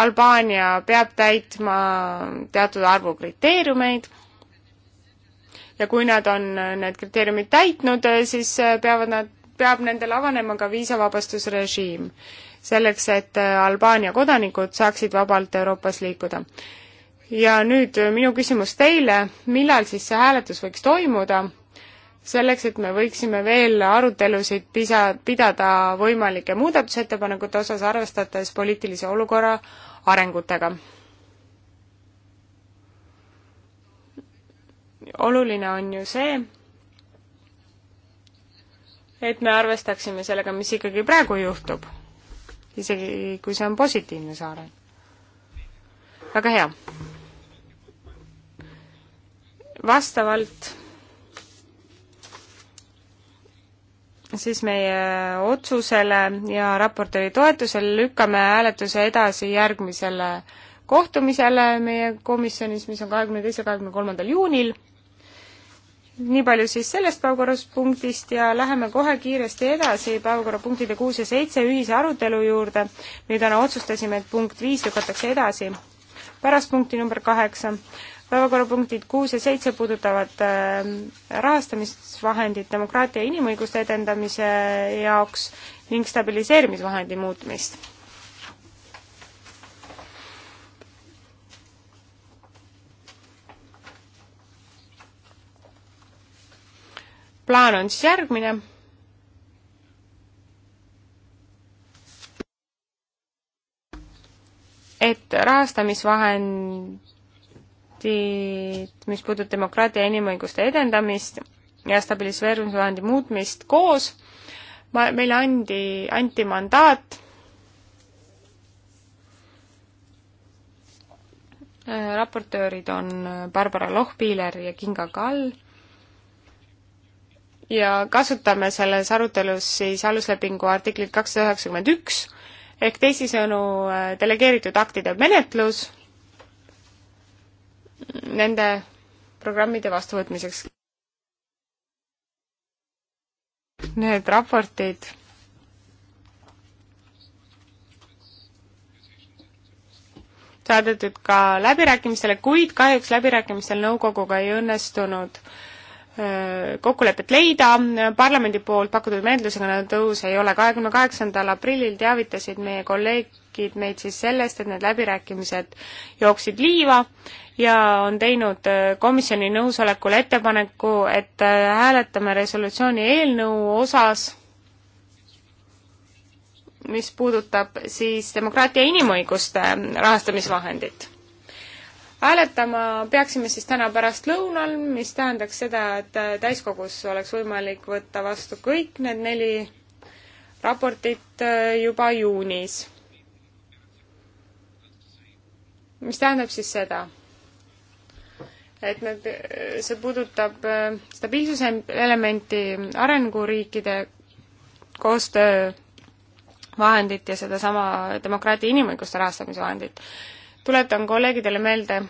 Speaker 4: Albaania peab täitma teatud arvu kriteeriumeid ja kui nad on need kriteeriumid täitnud, äh, siis äh, peavad nad, peab nendel avanema ka viisavabastusrežiim selleks, et Albaania kodanikud saaksid vabalt Euroopas liikuda. ja nüüd minu küsimus teile, millal siis see hääletus võiks toimuda selleks, et me võiksime veel arutelusid pisa, pidada võimalike muudatusettepanekute osas, arvestades poliitilise olukorra arengutega. oluline on ju see, et me arvestaksime sellega, mis ikkagi praegu juhtub. isegi kui see on positiivne see areng. väga hea. vastavalt siis meie otsusele ja raportööri toetusel lükkame hääletuse edasi järgmisele kohtumisele meie komisjonis, mis on kahekümne teise, kahekümne kolmandal juunil. nii palju siis sellest päevakorrapunktist ja läheme kohe kiiresti edasi päevakorrapunktide kuus ja seitse ühise arutelu juurde. me täna otsustasime, et punkt viis lükatakse edasi pärast punkti number kaheksa päevakorrapunktid kuus ja seitse puudutavad äh, rahastamisvahendit demokraatia ja inimõiguste edendamise jaoks ning stabiliseerimisvahendi muutmist. plaan on siis järgmine et rahastamisvahend debatid, mis puudutab demokraatia ja inimõiguste edendamist ja stabiliseerimisvahendi muutmist koos. ma, meile andi, anti mandaat äh, raportöörid on Barbara Lohpiiler ja Kinga Kall. ja kasutame selles arutelus siis aluslepingu artiklit kakssada üheksakümmend üks ehk teisisõnu äh, delegeeritud aktide menetlus nende programmide vastuvõtmiseks. Need raportid saadetud ka läbirääkimistele, kuid kahjuks läbirääkimistel nõukoguga ei õnnestunud kokkulepet leida, parlamendi poolt pakutud menetlusega tõus ei ole. kahekümne kaheksandal aprillil teavitasid meie kolleegid meid siis sellest, et need läbirääkimised jooksid liiva ja on teinud äh, komisjoni nõusolekul ettepaneku, et äh, hääletame resolutsiooni eelnõu osas, mis puudutab siis demokraatia inimõiguste äh, rahastamisvahendit. hääletama peaksime siis täna pärastlõunal, mis tähendaks seda, et täiskogus oleks võimalik võtta vastu kõik need neli raportit juba juunis. mis tähendab siis seda et need, see puudutab äh, stabiilsuse elementi, arenguriikide koostöövahendit ja sedasama demokraatia inimõiguste rahastamise vahendit. tuletan kolleegidele meelde,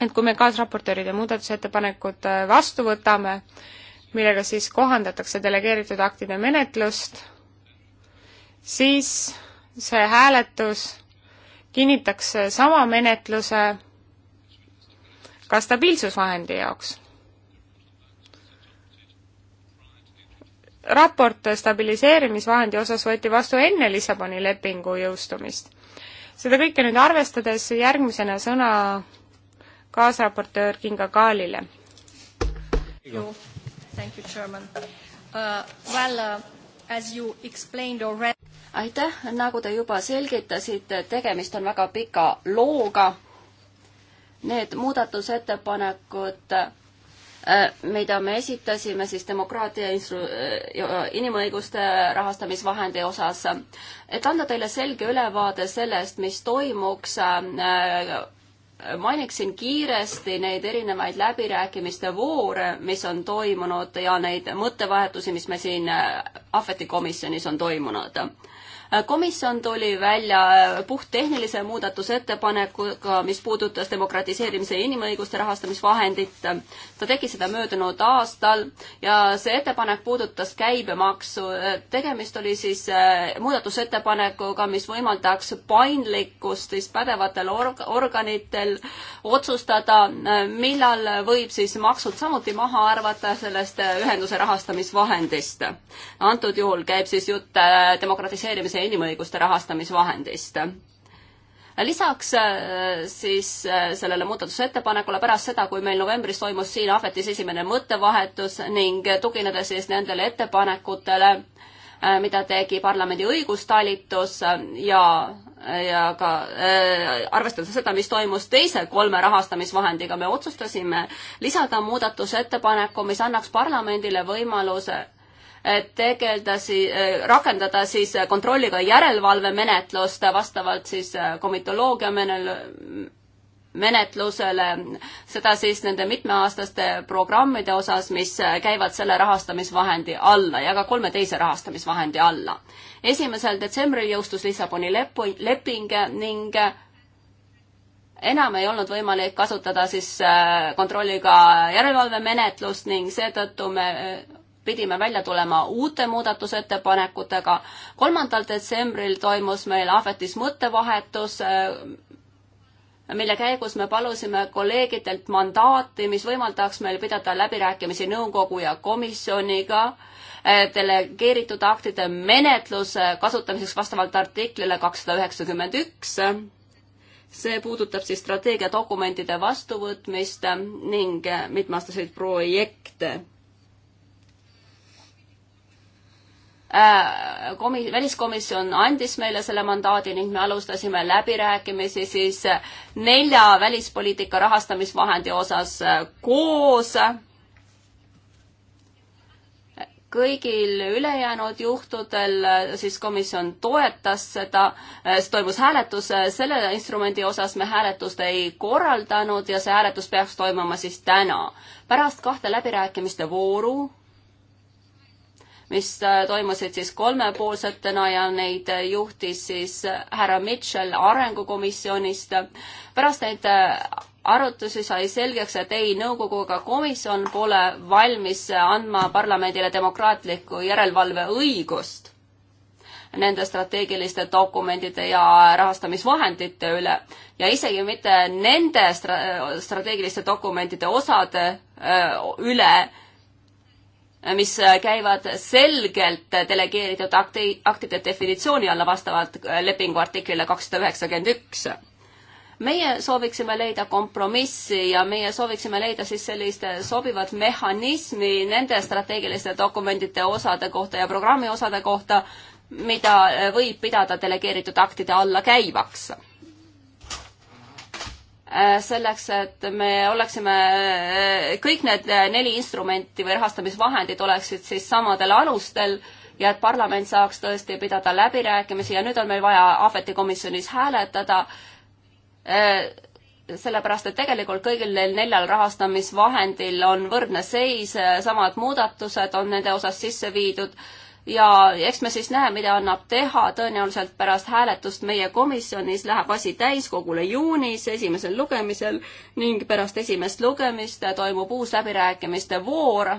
Speaker 4: et kui me kaasraportööride muudatusettepanekud äh, vastu võtame, millega siis kohandatakse delegeeritud aktide menetlust, siis see hääletus kinnitaks sama menetluse ka stabiilsusvahendi jaoks. raport stabiliseerimisvahendi osas võeti vastu enne Lissaboni lepingu jõustumist. seda kõike nüüd arvestades järgmisena sõna kaasraportöör Kinga Kaalile. Uh,
Speaker 1: uh, aitäh, nagu te juba selgitasite, tegemist on väga pika looga Need muudatusettepanekud, äh, mida me esitasime siis demokraatia instru-, äh, inimõiguste rahastamisvahendi osas, et anda teile selge ülevaade sellest, mis toimuks äh, mainiksin kiiresti neid erinevaid läbirääkimiste voore, mis on toimunud ja neid mõttevahetusi, mis me siin ahvetikomisjonis on toimunud komisjon tuli välja äh, puhttehnilise muudatusettepanekuga, mis puudutas demokratiseerimise ja inimõiguste rahastamisvahendit. ta tegi seda möödunud aastal ja see ettepanek puudutas käibemaksu. Äh, tegemist oli siis äh, muudatusettepanekuga, mis võimaldaks paindlikkust siis pädevatel org-, organitel otsustada, millal võib siis maksud samuti maha arvata sellest ühenduse rahastamisvahendist. antud juhul käib siis jutt demokratiseerimise naise inimõiguste rahastamisvahendist lisaks äh, siis äh, sellele muudatusettepanekule pärast seda, kui meil novembris toimus siin ahvetis esimene mõttevahetus ning tuginedes siis nendele ettepanekutele, äh, mida tegi parlamendi õigustalitus ja, ja ka äh, arvestades seda, mis toimus teise kolme rahastamisvahendiga, me otsustasime lisada muudatusettepaneku, mis annaks parlamendile võimaluse tegeleda si-, rakendada siis kontrolliga järelevalvemenetlust vastavalt siis äh, komitoloogia menel-, menetlusele, seda siis nende mitmeaastaste programmide osas, mis äh, käivad selle rahastamisvahendi alla ja ka kolme teise rahastamisvahendi alla. esimesel detsembril jõustus Lissaboni lepu-, leping ning äh, enam ei olnud võimalik kasutada siis kontrolliga järelevalvemenetlust ning seetõttu me pidime välja tulema uute muudatusettepanekutega. kolmandal detsembril toimus meil ahvetis mõttevahetus, äh, mille käigus me palusime kolleegidelt mandaati, mis võimaldaks meil pidada läbirääkimisi nõukogu ja komisjoniga äh, delegeeritud aktide menetluse kasutamiseks vastavalt artiklile kakssada üheksakümmend üks see puudutab siis strateegiadokumentide vastuvõtmist ning mitmeaastaseid projekte. Äh, komi-, väliskomisjon andis meile selle mandaadi ning me alustasime läbirääkimisi siis äh, nelja välispoliitika rahastamisvahendi osas äh, koos. kõigil ülejäänud juhtudel siis komisjon toetas seda, toimus hääletus, selle instrumendi osas me hääletust ei korraldanud ja see hääletus peaks toimuma siis täna. pärast kahte läbirääkimiste vooru mis äh, toimusid siis kolmepoolsetena ja neid äh, juhtis siis äh, härra Mitchell Arengukomisjonist. pärast neid arutlusi sai selgeks, et ei, nõukogu ega komisjon pole valmis andma parlamendile demokraatlikku järelevalve õigust nende strateegiliste dokumentide ja rahastamisvahendite üle ja isegi mitte nende stra strateegiliste dokumentide osade öö, üle, mis käivad selgelt delegeeritud akti, aktide definitsiooni alla vastavalt äh, lepingu artiklile kakssada üheksakümmend üks. meie sooviksime leida kompromissi ja meie sooviksime leida siis sellist sobivat mehhanismi nende strateegiliste dokumentide osade kohta ja programmi osade kohta, mida äh, võib pidada delegeeritud aktide alla käivaks Äh, selleks, et me oleksime, äh, kõik need äh, neli instrumenti või rahastamisvahendid oleksid siis samadel alustel ja et parlament saaks tõesti pidada läbirääkimisi ja nüüd on meil vaja ahvetikomisjonis hääletada, sellepärast et tegelikult kõigil neil neljal rahastamisvahendil on võrdne seis, samad muudatused on nende osas sisse viidud ja eks me siis näe, mida annab teha, tõenäoliselt pärast hääletust meie komisjonis läheb asi täiskogule juunis esimesel lugemisel ning pärast esimest lugemist toimub uus läbirääkimiste voor.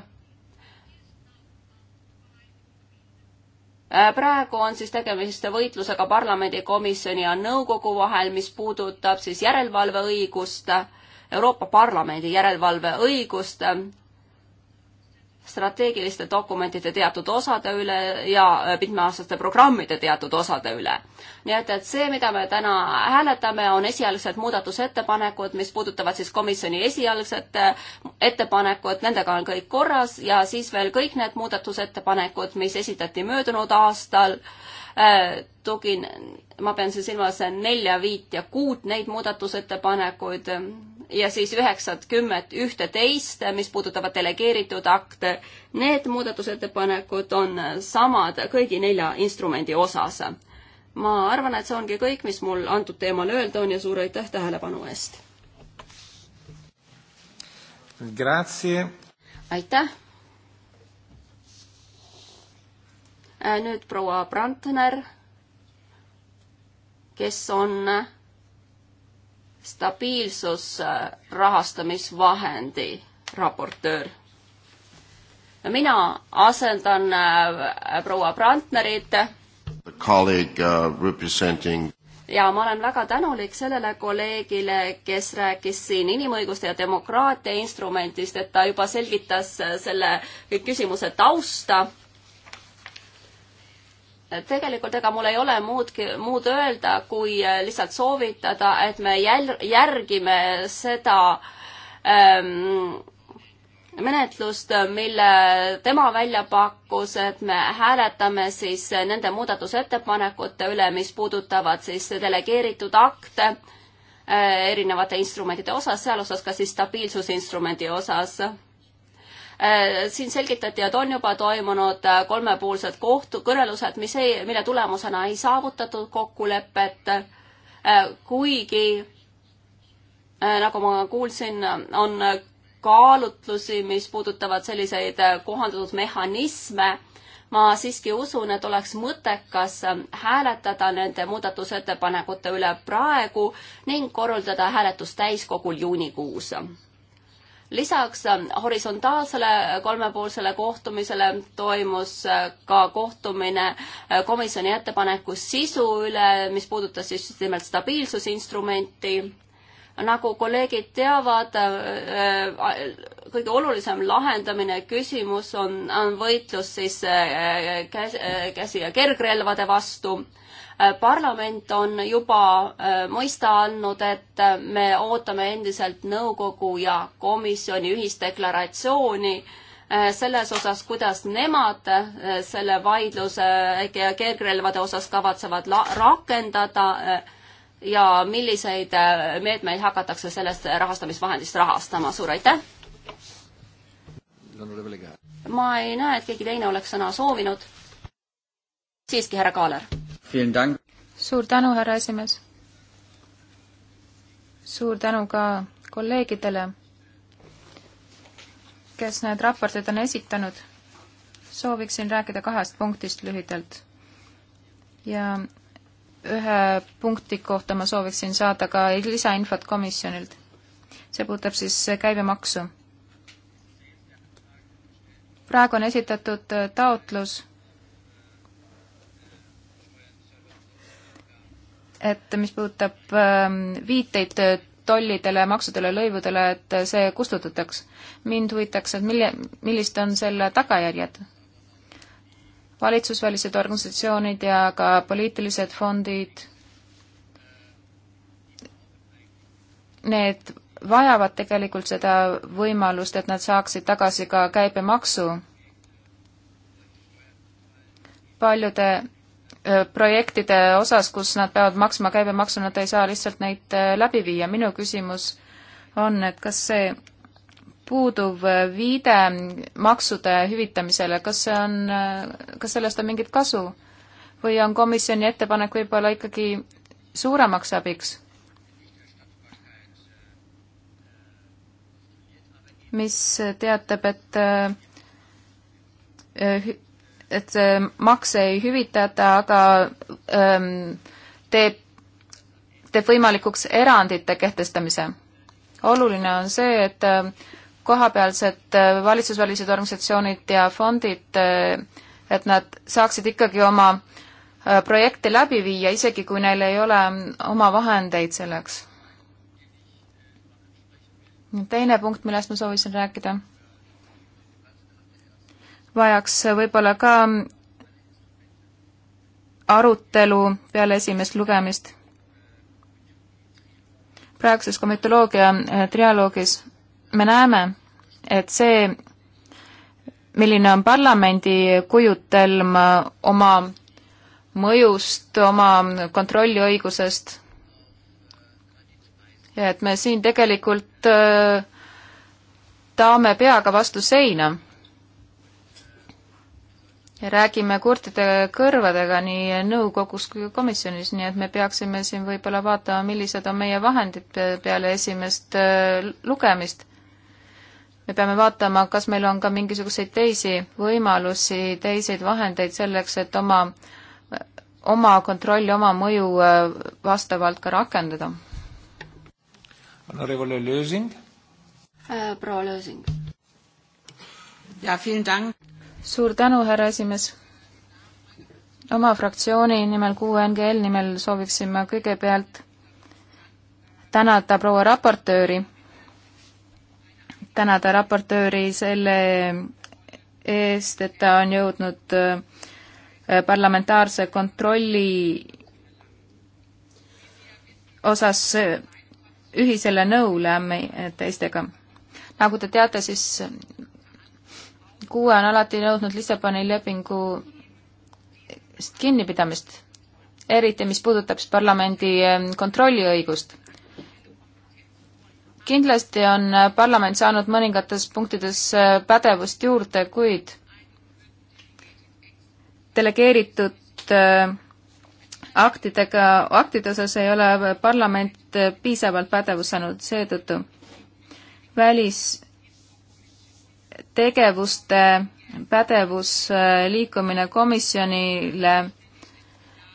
Speaker 1: Äh, praegu on siis tegemist võitlusega parlamendikomisjoni ja nõukogu vahel, mis puudutab siis järelevalveõigust, Euroopa Parlamendi järelevalveõigust strateegiliste dokumentide teatud osade üle ja äh, mitmeaastaste programmide teatud osade üle. nii et, et see, mida me täna hääletame, on esialgsed muudatusettepanekud, mis puudutavad siis komisjoni esialgset äh, ettepanekut, nendega on kõik korras ja siis veel kõik need muudatusettepanekud, mis esitati möödunud aastal, äh, tugin, ma pean siin silmas nelja, viit ja kuut neid muudatusettepanekuid ja siis üheksat, kümmet, ühteteist, mis puudutavad delegeeritud akte. Need muudatusettepanekud on samad kõigi nelja instrumendi osas. ma arvan, et see ongi kõik, mis mul antud teemal öelda on ja suur aitäh tähelepanu eest. aitäh. nüüd proua Brandner, kes on stabiilsusrahastamisvahendi raportöör. mina asendan äh, proua Brandnerit. Uh, ja ma olen väga tänulik sellele kolleegile, kes rääkis siin inimõiguste ja demokraatia instrumendist, et ta juba selgitas äh, selle küsimuse tausta tegelikult ega mul ei ole muudki, muud öelda, kui äh, lihtsalt soovitada, et me jäl-, järgime seda ähm, menetlust, mille tema välja pakkus, et me hääletame siis nende muudatusettepanekute üle, mis puudutavad siis delegeeritud akte äh, erinevate instrumentide osas, sealhulgas ka siis stabiilsusinstrumendi osas äh, Äh, siin selgitati, et on juba toimunud äh, kolmepoolsed kohtukõnelused, mis ei, mille tulemusena ei saavutatud kokkulepet, äh, kuigi nagu ma kuulsin, on kaalutlusi, mis puudutavad selliseid kohandatud mehhanisme, ma siiski usun, et oleks mõttekas hääletada nende muudatusettepanekute üle praegu ning korraldada hääletus täiskogul juunikuus lisaks äh, horisontaalsele äh, kolmepoolsele kohtumisele toimus äh, ka kohtumine komisjoni ettepaneku sisu üle, mis puudutas siis just nimelt stabiilsusinstrumenti. nagu kolleegid teavad, kõige olulisem lahendamine küsimus on, on võitlus siis käsi, käsi ja kergrelvade vastu Äh, parlament on juba äh, mõista andnud, et äh, me ootame endiselt nõukogu ja komisjoni ühisdeklaratsiooni selles osas, kuidas nemad selle vaidluse kergrelvade osas kavatsevad rakendada ja milliseid meetmeid hakatakse sellest rahastamisvahendist rahastama. suur aitäh! ma ei näe, et keegi teine oleks sõna soovinud. siiski, härra Kaaler suur tänu, härra esimees.
Speaker 3: suur tänu ka kolleegidele, kes need raportid on esitanud. sooviksin rääkida kahest punktist lühidalt. ja ühe punkti kohta ma sooviksin saada ka lisainfot komisjonilt. see puudutab siis käibemaksu. praegu on esitatud taotlus et mis puudutab ähm, viiteid tollidele, maksudele, lõivudele, et see kustutataks. mind huvitaks, et mille, millised on selle tagajärjed? valitsusvälised organisatsioonid ja ka poliitilised fondid, need vajavad tegelikult seda võimalust, et nad saaksid tagasi ka käibemaksu. paljude projektide osas, kus nad peavad maksma käibemaksu, nad ei saa lihtsalt neid äh, läbi viia. minu küsimus on, et kas see puuduv viide maksude hüvitamisele, kas see on, äh, kas sellest on mingit kasu või on komisjoni ettepanek võib-olla ikkagi suuremaks abiks? mis teatab, et äh, et makse ei hüvitata, aga ähm, teeb, teeb võimalikuks erandite kehtestamise. oluline on see, et äh, kohapealsed äh, valitsusvälised organisatsioonid ja fondid äh,, et nad saaksid ikkagi oma äh, projekte läbi viia, isegi kui neil ei ole oma vahendeid selleks. teine punkt, millest ma soovisin rääkida vajaks võib-olla ka arutelu peale esimest lugemist. praeguses komitoloogia äh, trialoogis me näeme, et see, milline on parlamendi kujutelm äh, oma mõjust, oma kontrolliõigusest, ja et me siin tegelikult äh, taame peaga vastu seina räägime kurtide kõrvadega nii nõukogus kui komisjonis, nii et me peaksime siin võib-olla vaatama, millised on meie vahendid peale esimest äh, lugemist. me peame vaatama, kas meil on ka mingisuguseid teisi võimalusi, teiseid vahendeid selleks, et oma, oma kontrolli, oma mõju äh, vastavalt ka rakendada.
Speaker 2: proua Lösing.
Speaker 1: Äh, proua Lösing.
Speaker 3: ja, vielen Dank suur tänu, härra esimees. oma fraktsiooni nimel, QNGL nimel sooviksin ma kõigepealt tänada proua raportööri, tänada raportööri selle eest, et ta on jõudnud äh, parlamentaarse kontrolli osas äh, ühisele nõule teistega. nagu te teate, siis kuue on alati nõudnud Lissaboni lepingu kinnipidamist, eriti mis puudutab siis parlamendi ehm, kontrolliõigust. kindlasti on äh, parlament saanud mõningates punktides äh, pädevust juurde, kuid delegeeritud äh, aktidega, aktide osas ei ole parlament piisavalt pädevust saanud, seetõttu välis tegevuste pädevus äh, liikumine komisjonile,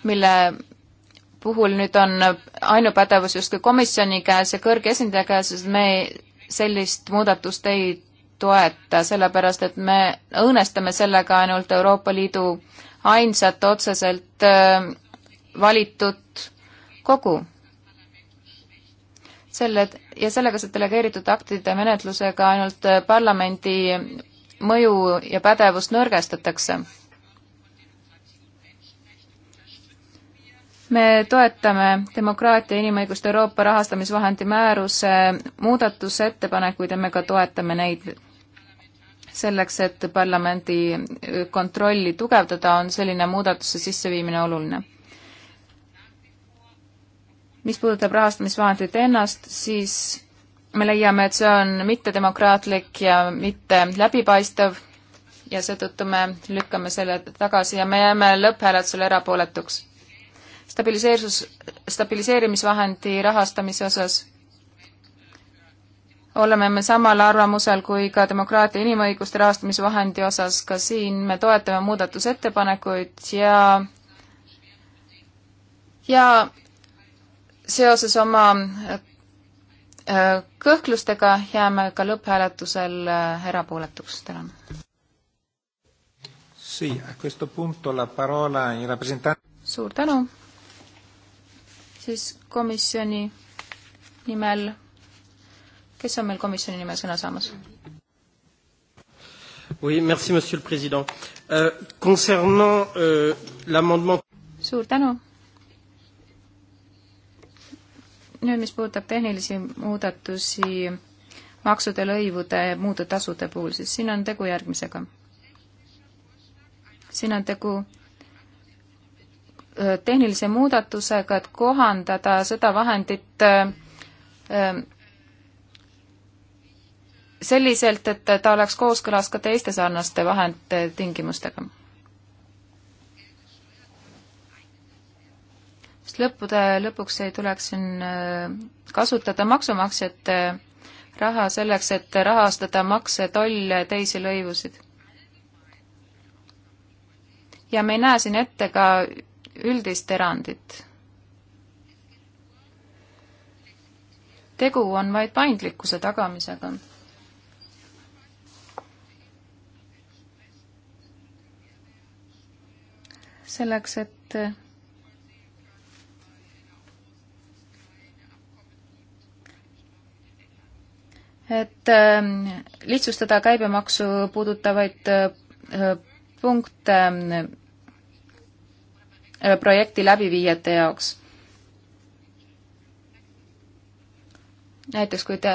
Speaker 3: mille puhul nüüd on ainupädevus justkui komisjoni käes ja kõrge esindaja käes, sest me sellist muudatust ei toeta, sellepärast et me õõnestame sellega ainult Euroopa Liidu ainsat otseselt äh, valitud kogu selle ja sellega see delegeeritud aktide menetlusega ainult parlamendi mõju ja pädevust nõrgestatakse. me toetame demokraatia inimõiguste Euroopa rahastamisvahendi määruse muudatusettepanekuid ja me ka toetame neid selleks, et parlamendi kontrolli tugevdada, on selline muudatuse sisseviimine oluline mis puudutab rahastamisvahendit ennast, siis me leiame, et see on mittedemokraatlik ja mitte läbipaistev ja seetõttu me lükkame selle tagasi ja me jääme lõpphääletusele erapooletuks. stabiliseerisus, stabiliseerimisvahendi rahastamise osas oleme me samal arvamusel kui ka demokraatia inimõiguste rahastamisvahendi osas, ka siin me toetame muudatusettepanekuid ja ja seoses oma äh, kõhklustega jääme ka lõpphääletusel äh, erapooletuks, tänan. suur tänu, siis komisjoni nimel, kes on meil komisjoni nimel sõna saamas?
Speaker 4: Oui, merci Monsieur le Président. Euh, concernant euh, l'amendement.
Speaker 3: Suur tänu nüüd, mis puudutab tehnilisi muudatusi maksude, lõivude ja muude tasude puhul, siis siin on tegu järgmisega. siin on tegu tehnilise muudatusega, et kohandada seda vahendit selliselt, et ta oleks kooskõlas ka teiste sarnaste vahendite tingimustega sest lõppude lõpuks ei tuleks siin äh, kasutada maksumaksjate äh, raha selleks, et rahastada makse, tolle, teisi lõivusid. ja me ei näe siin ette ka üldist erandit. tegu on vaid paindlikkuse tagamisega. selleks, et äh, et ähm, lihtsustada käibemaksu puudutavaid äh, punkte äh, projekti läbiviijate jaoks. näiteks kui te,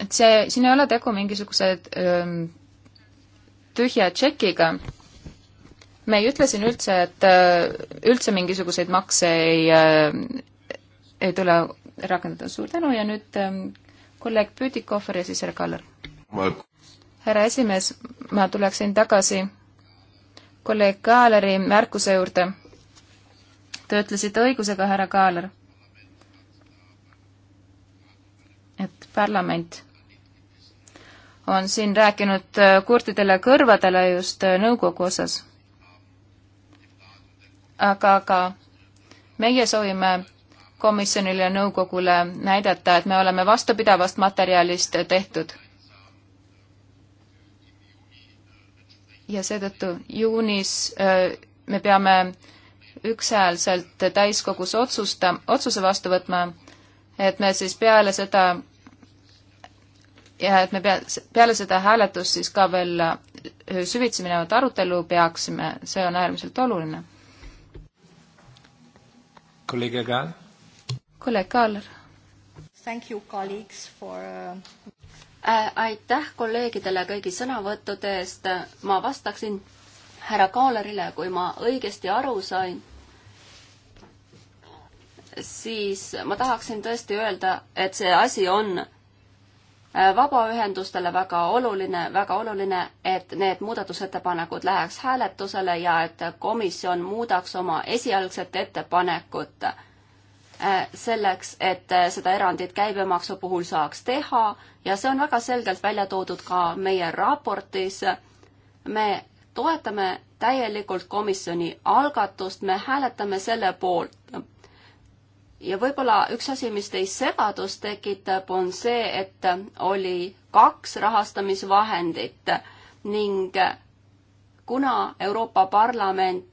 Speaker 3: et see, siin ei ole tegu mingisuguse ähm, tühja tšekiga, me ei ütle siin üldse, et äh, üldse mingisuguseid makse ei, ei tule rakendada. suur tänu ja nüüd ähm, kolleeg Pütikofer ja siis härra Kallar ma.... härra esimees, ma tuleksin tagasi kolleeg Kaaleri märkuse juurde. Te ütlesite õigusega, härra Kaaler, et parlament on siin rääkinud äh, kurtidele kõrvadele just äh, nõukogu osas. aga ka meie soovime komisjonile ja nõukogule näidata, et me oleme vastupidavast materjalist tehtud. ja seetõttu juunis äh, me peame ükshäälselt täiskogus otsusta, otsuse vastu võtma, et me siis peale seda ja et me pea, peale seda hääletust siis ka veel äh, süvitsi minevat arutelu peaksime, see on äärmiselt oluline.
Speaker 2: kolleeg Jagan
Speaker 3: kolleeg Kaaler.
Speaker 1: For... Uh, äh, aitäh kolleegidele kõigi sõnavõttude eest. ma vastaksin härra Kaalerile, kui ma õigesti aru sain, siis ma tahaksin tõesti öelda, et see asi on äh, vabaühendustele väga oluline, väga oluline, et need muudatusettepanekud läheks hääletusele ja et komisjon muudaks oma esialgset ettepanekut Äh, selleks, et äh, seda erandit käibemaksu puhul saaks teha ja see on väga selgelt välja toodud ka meie raportis. me toetame täielikult komisjoni algatust, me hääletame selle poolt. ja võib-olla üks asi, mis teis segadust tekitab, on see, et oli kaks rahastamisvahendit ning kuna Euroopa Parlament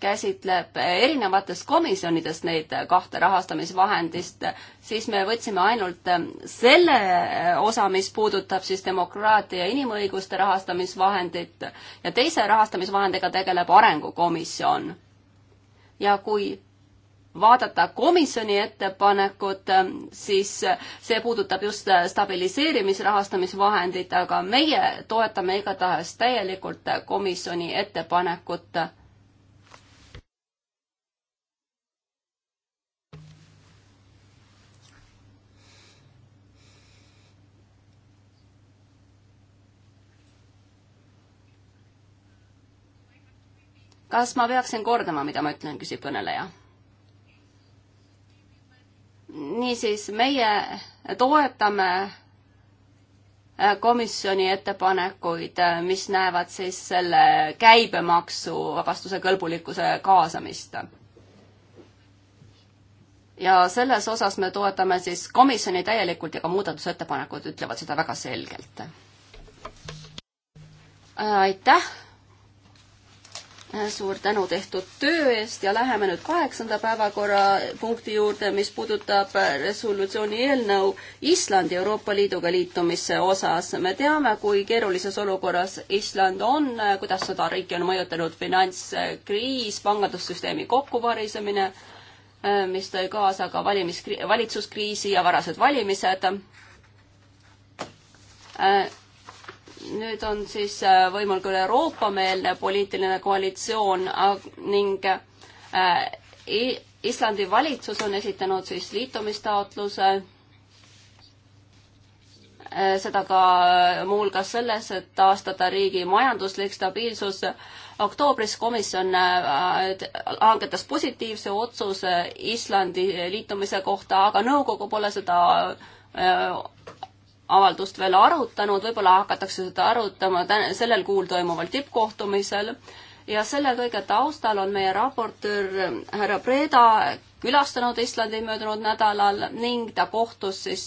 Speaker 1: käsitleb erinevates komisjonides neid kahte rahastamisvahendist, siis me võtsime ainult selle osa, mis puudutab siis demokraatia ja inimõiguste rahastamisvahendit ja teise rahastamisvahendiga tegeleb Arengukomisjon. ja kui vaadata komisjoni ettepanekut, siis see puudutab just stabiliseerimisrahastamisvahendit, aga meie toetame igatahes täielikult komisjoni ettepanekut. kas ma peaksin kordama, mida ma ütlen, küsib kõneleja niisiis, meie toetame äh, komisjoni ettepanekuid, äh, mis näevad siis selle käibemaksu vabastuse kõlbulikkuse kaasamist. ja selles osas me toetame siis komisjoni täielikult ja ka muudatusettepanekud ütlevad seda väga selgelt. Äh, aitäh suur tänu tehtud töö eest ja läheme nüüd kaheksanda päevakorrapunkti juurde, mis puudutab resolutsiooni eelnõu Islandi Euroopa Liiduga liitumise osas. me teame, kui keerulises olukorras Island on, kuidas seda riiki on mõjutanud finantskriis, pangandussüsteemi kokkuvarisemine, mis tõi kaasa ka valimiskri-, valitsuskriisi ja varased valimised nüüd on siis äh, võimul küll Euroopa-meelne poliitiline koalitsioon ning äh, Islandi valitsus on esitanud siis liitumistaotluse. Äh, seda ka muuhulgas selles, et taastada riigi majanduslik stabiilsus. oktoobris komisjon langetas positiivse otsuse Islandi liitumise kohta, aga nõukogu pole seda avaldust veel arutanud, võib-olla hakatakse seda arutama sellel kuul toimuval tippkohtumisel ja selle kõige taustal on meie raportöör härra Preda külastanud Islandi möödunud nädalal ning ta kohtus siis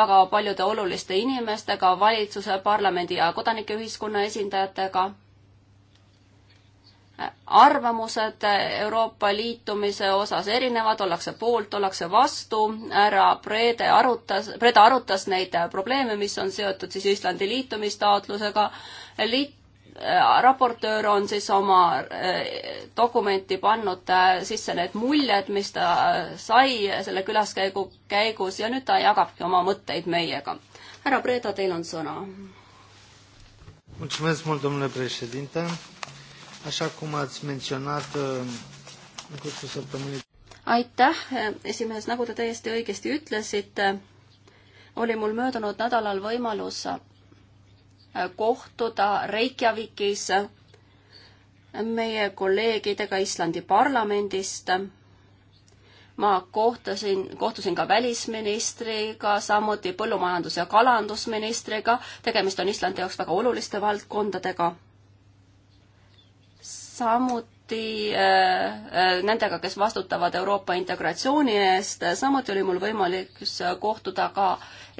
Speaker 1: väga paljude oluliste inimestega, valitsuse, parlamendi ja kodanikeühiskonna esindajatega arvamused Euroopa liitumise osas erinevad, ollakse poolt, ollakse vastu, härra Brede arutas, Brede arutas neid probleeme, mis on seotud siis Islandi liitumistaotlusega, liit-, raportöör on siis oma eh, dokumenti pannud eh, sisse need muljed, mis ta sai selle külaskäigu käigus ja nüüd ta jagabki oma mõtteid meiega. härra Breda, teil on sõna.
Speaker 2: mulțumesc mult, domnule președinte așa cum ați menționat uh, în cursul săptămânii.
Speaker 1: aitäh, esimees, nagu te täiesti õigesti ütlesite, oli mul möödunud nädalal võimalus äh, kohtuda Reykjavikis meie kolleegidega Islandi parlamendist. ma kohtasin, kohtusin ka välisministriga, samuti põllumajandus- ja kalandusministriga. tegemist on Islandi jaoks väga oluliste valdkondadega samuti äh, äh, nendega, kes vastutavad Euroopa integratsiooni eest, samuti oli mul võimalik kohtuda ka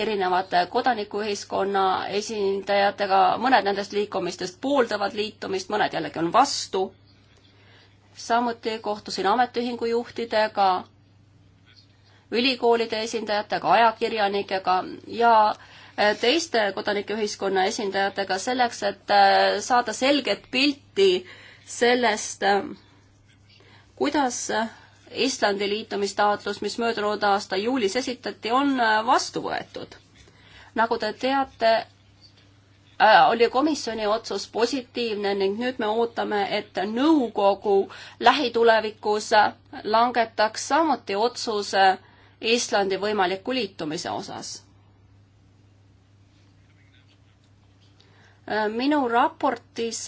Speaker 1: erinevate kodanikuühiskonna esindajatega, mõned nendest liikumistest pooldavad liitumist, mõned jällegi on vastu. samuti kohtusin ametiühingu juhtidega, ülikoolide esindajatega, ajakirjanikega ja äh, teiste kodanikeühiskonna esindajatega selleks, et saada selget pilti sellest, äh, kuidas Islandi liitumistaotlus, mis möödunud aasta juulis esitati, on äh, vastu võetud. nagu te teate, äh, oli komisjoni otsus positiivne ning nüüd me ootame, et nõukogu lähitulevikus langetaks samuti otsuse Islandi võimaliku liitumise osas. minu raportis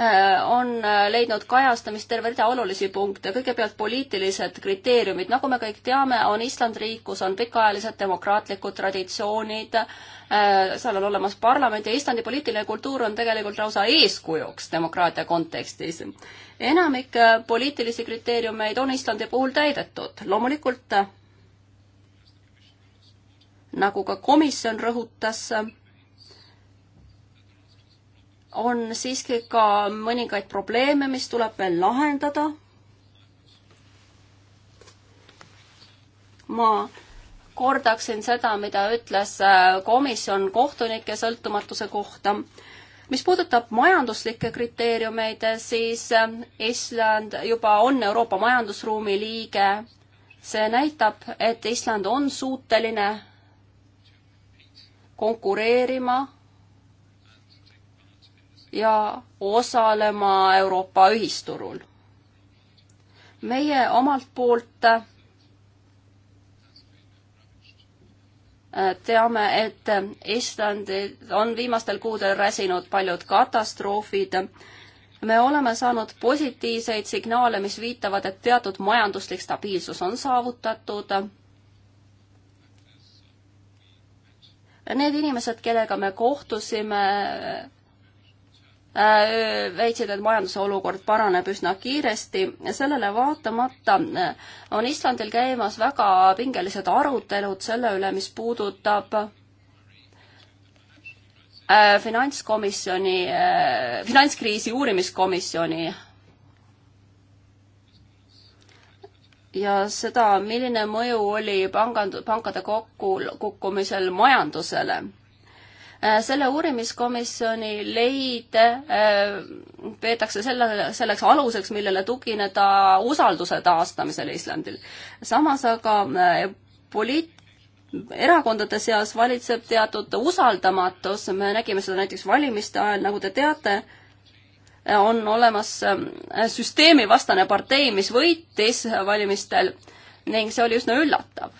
Speaker 1: Äh, on äh, leidnud kajastamist terve rida olulisi punkte. kõigepealt poliitilised kriteeriumid, nagu me kõik teame, on Island riik, kus on pikaajalised demokraatlikud traditsioonid, äh, seal on olemas parlament ja Islandi poliitiline kultuur on tegelikult lausa eeskujuks demokraatia kontekstis. enamik poliitilisi kriteeriumeid on Islandi puhul täidetud. loomulikult nagu ka komisjon rõhutas, on siiski ka mõningaid probleeme, mis tuleb veel lahendada. ma kordaksin seda, mida ütles äh, komisjon kohtunike sõltumatuse kohta. mis puudutab majanduslikke kriteeriumeid, siis äh, Island juba on Euroopa majandusruumi liige. see näitab, et Island on suuteline konkureerima ja osalema Euroopa ühisturul. meie omalt poolt äh, teame, et Islandil on viimastel kuudel räsinud paljud katastroofid. me oleme saanud positiivseid signaale, mis viitavad, et teatud majanduslik stabiilsus on saavutatud. Need inimesed, kellega me kohtusime, Äh, väitsid, et majanduse olukord paraneb üsna kiiresti. sellele vaatamata äh, on Islandil käimas väga pingelised arutelud selle üle, mis puudutab äh, finantskomisjoni, finantskriisi uurimiskomisjoni ja seda, milline mõju oli pangand-, pankade kokku, kukkumisel majandusele. Äh, selle uurimiskomisjoni leide äh, peetakse selle, selleks aluseks, millele tugineda usalduse taastamisel Islandil. samas aga äh, poliit-, erakondade seas valitseb teatud usaldamatus, me nägime seda näiteks valimiste ajal, nagu te teate, on olemas süsteemivastane partei, mis võitis valimistel ning see oli üsna üllatav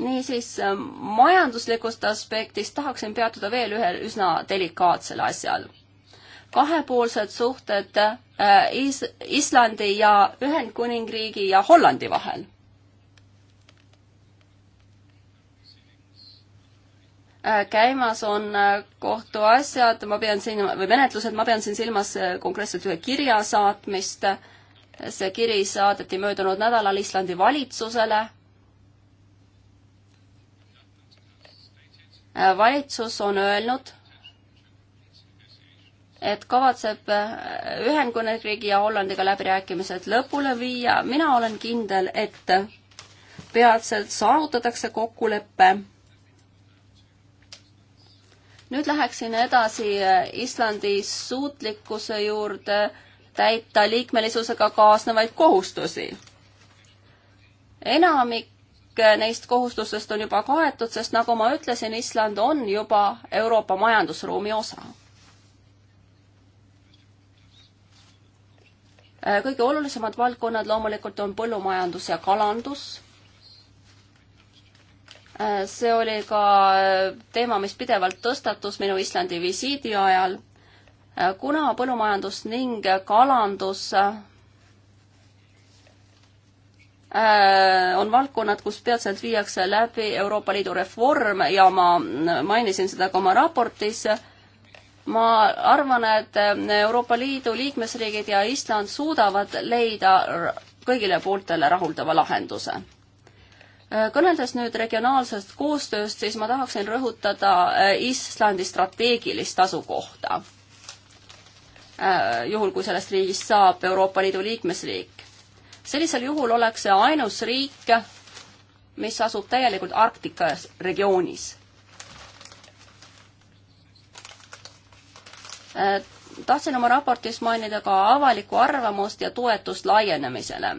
Speaker 1: niisiis äh, majanduslikust aspektist tahaksin peatuda veel ühel üsna delikaatsel asjal. kahepoolsed suhted äh, Is-, Islandi ja Ühendkuningriigi ja Hollandi vahel. Äh, käimas on kohtuasjad, ma pean siin, või menetlused, ma pean siin silmas konkreetselt ühe kirja saatmist, see kiri saadeti möödunud nädalal Islandi valitsusele valitsus on öelnud, et kavatseb Ühendkuningriigi ja Hollandiga läbirääkimised lõpule viia. mina olen kindel, et peatselt saavutatakse kokkulepe. nüüd läheksin edasi Islandi suutlikkuse juurde täita liikmelisusega kaasnevaid kohustusi. enamik neist kohustustest on juba kaetud, sest nagu ma ütlesin, Island on juba Euroopa majandusruumi osa. kõige olulisemad valdkonnad loomulikult on põllumajandus ja kalandus. see oli ka teema, mis pidevalt tõstatus minu Islandi visiidi ajal. kuna põllumajandus ning kalandus Äh, on valdkonnad, kus peatselt viiakse läbi Euroopa Liidu reform ja ma mainisin seda ka oma raportis. ma arvan, et äh, Euroopa Liidu liikmesriigid ja Island suudavad leida kõigile pooltele rahuldava lahenduse. Äh, kõneldes nüüd regionaalsest koostööst, siis ma tahaksin rõhutada Islandi strateegilist asukohta. juhul, kui sellest riigist saab Euroopa Liidu liikmesriik sellisel juhul oleks see ainus riik, mis asub täielikult Arktika regioonis. tahtsin oma raportis mainida ka avalikku arvamust ja toetust laienemisele.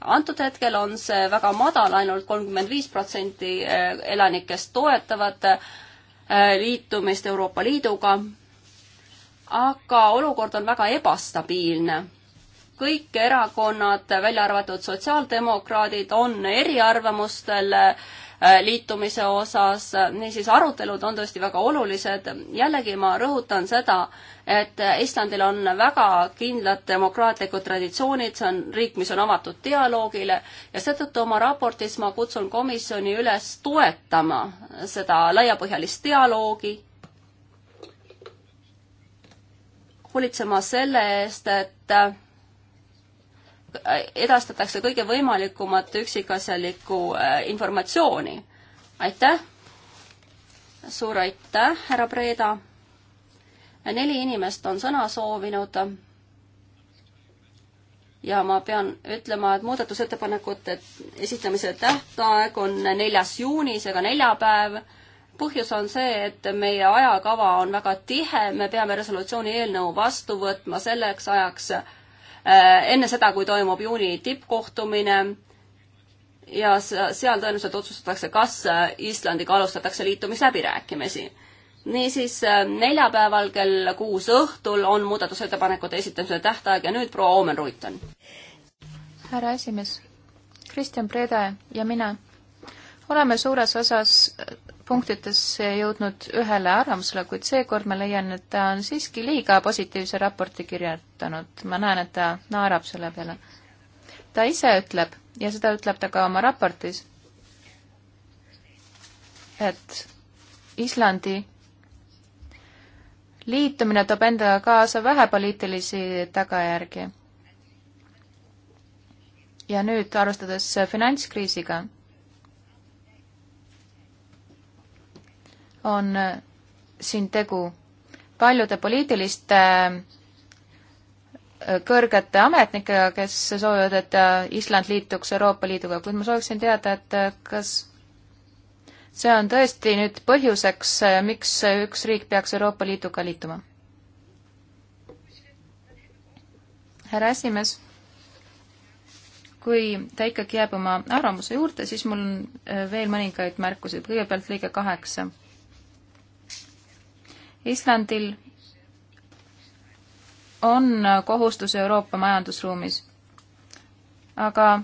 Speaker 1: antud hetkel on see väga madal ainult, ainult kolmkümmend viis protsenti eh, elanikest toetavad eh, liitumist Euroopa Liiduga, aga olukord on väga ebastabiilne kõik erakonnad, välja arvatud sotsiaaldemokraadid, on eriarvamustel äh, liitumise osas, niisiis arutelud on tõesti väga olulised. jällegi ma rõhutan seda, et Islandil on väga kindlad demokraatlikud traditsioonid, see on riik, mis on avatud dialoogile ja seetõttu oma raportis ma kutsun komisjoni üles toetama seda laiapõhjalist dialoogi, hoolitsema selle eest, et edastatakse kõige võimalikumat üksikasjalikku äh, informatsiooni. aitäh! suur aitäh, härra Preeda! neli inimest on sõna soovinud ja ma pean ütlema, et muudatusettepanekute esitamise tähtaeg on neljas juuni, seega neljapäev. põhjus on see, et meie ajakava on väga tihe, me peame resolutsiooni eelnõu vastu võtma selleks ajaks, Äh, enne seda, kui toimub juuni tippkohtumine ja seal tõenäoliselt otsustatakse, kas äh, Islandiga alustatakse liitumisläbirääkimisi. niisiis äh, neljapäeval kell kuus õhtul on muudatusettepanekute esitamise tähtaeg ja nüüd proua Oomen Ruiten.
Speaker 3: härra esimees, Kristjan Prede ja mina oleme suures osas punktides jõudnud ühele arvamusele, kuid seekord ma leian, et ta on siiski liiga positiivse raporti kirjutanud. ma näen, et ta naerab selle peale. ta ise ütleb ja seda ütleb ta ka oma raportis, et Islandi liitumine toob endaga kaasa vähe poliitilisi tagajärgi. ja nüüd, arvestades finantskriisiga on siin tegu paljude poliitiliste äh, kõrgete ametnikega, kes soovivad, et äh, Island liituks Euroopa Liiduga, kuid ma sooviksin teada, et äh, kas see on tõesti nüüd põhjuseks, miks üks riik peaks Euroopa Liiduga liituma? härra esimees, kui ta ikkagi jääb oma arvamuse juurde, siis mul on veel mõningaid märkusi, kõigepealt lõige kaheksa Islandil on kohustus Euroopa majandusruumis. aga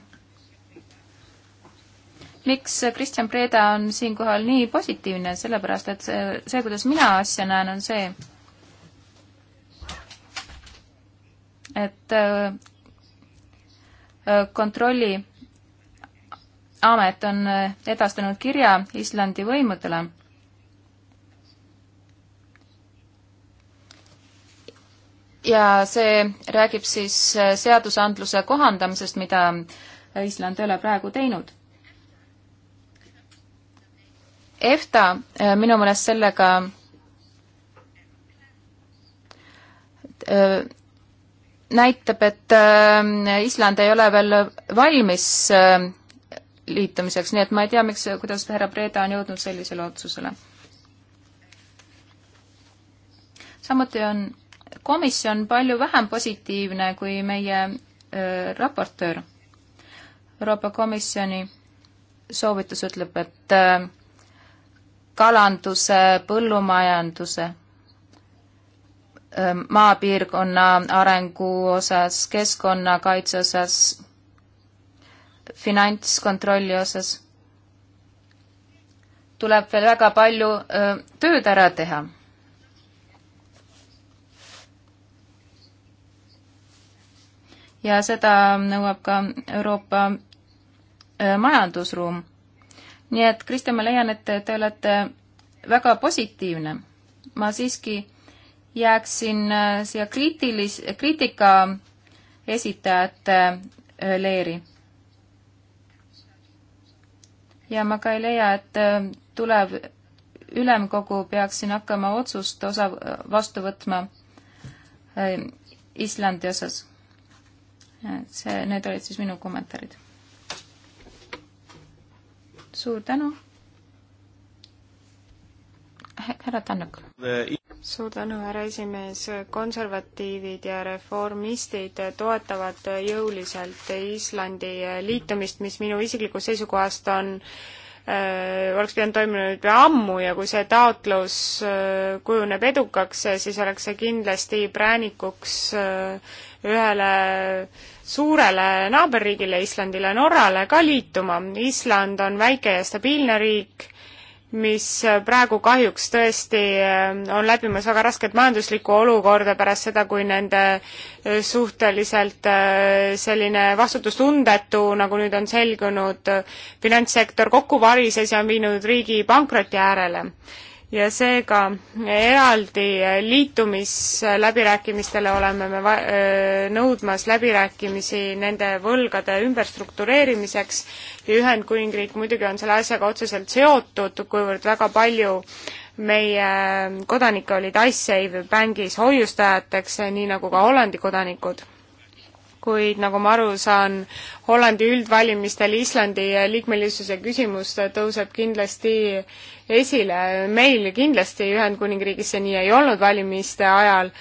Speaker 3: miks Kristjan Preda on siinkohal nii positiivne, sellepärast et see, see, kuidas mina asja näen, on see, et äh, kontrolliamet on edastanud kirja Islandi võimudele ja see räägib siis äh, seadusandluse kohandamisest, mida äh, Island ei ole praegu teinud. EFTA äh, minu meelest sellega näitab, et Island ei ole veel valmis liitumiseks, nii et ma ei tea, miks, kuidas härra Breda on jõudnud sellisele otsusele. samuti on komisjon palju vähem positiivne kui meie äh, raportöör. Euroopa Komisjoni soovitus ütleb, et äh, kalanduse, põllumajanduse äh,, maapiirkonna arengu osas, keskkonnakaitse osas, finantskontrolli osas tuleb veel väga palju öö, tööd ära teha ja seda nõuab ka Euroopa äh, majandusruum. nii et Kristjan, ma leian, et te olete väga positiivne. ma siiski jääksin äh, siia kriitilis-, kriitika esitajate äh, leeri. ja ma ka ei leia, et tulev ülemkogu peaks siin hakkama otsust osa vastu võtma Islandi osas see, need olid siis minu kommentaarid. suur tänu.
Speaker 2: härra Tannuk.
Speaker 4: suur tänu, härra esimees. konservatiivid ja reformistid toetavad jõuliselt Islandi liitumist, mis minu isiklikust seisukohast on äh, oleks pidanud toimuma nüüd ammu ja kui see taotlus äh, kujuneb edukaks, siis oleks see kindlasti präänikuks äh, ühele suurele naaberriigile, Islandile, Norrale ka liituma. Island on väike ja stabiilne riik, mis praegu kahjuks tõesti eh, on läbimas väga rasket majanduslikku olukorda pärast seda, kui nende eh, suhteliselt eh, selline vastutustundetu, nagu nüüd on selgunud, finantssektor kokku varises ja on viinud riigi pankroti äärele ja seega eraldi liitumisläbirääkimistele oleme me va-, nõudmas läbirääkimisi nende võlgade ümberstruktureerimiseks ja Ühendkuningriik muidugi on selle asjaga otseselt seotud, kuivõrd väga palju meie kodanikke olid Icesave'i bängis hoiustajateks, nii nagu ka Hollandi kodanikud kuid nagu ma aru saan, Hollandi üldvalimistel Islandi liikmelisuse küsimus tõuseb kindlasti esile. meil kindlasti Ühendkuningriigis see nii ei olnud valimiste ajal,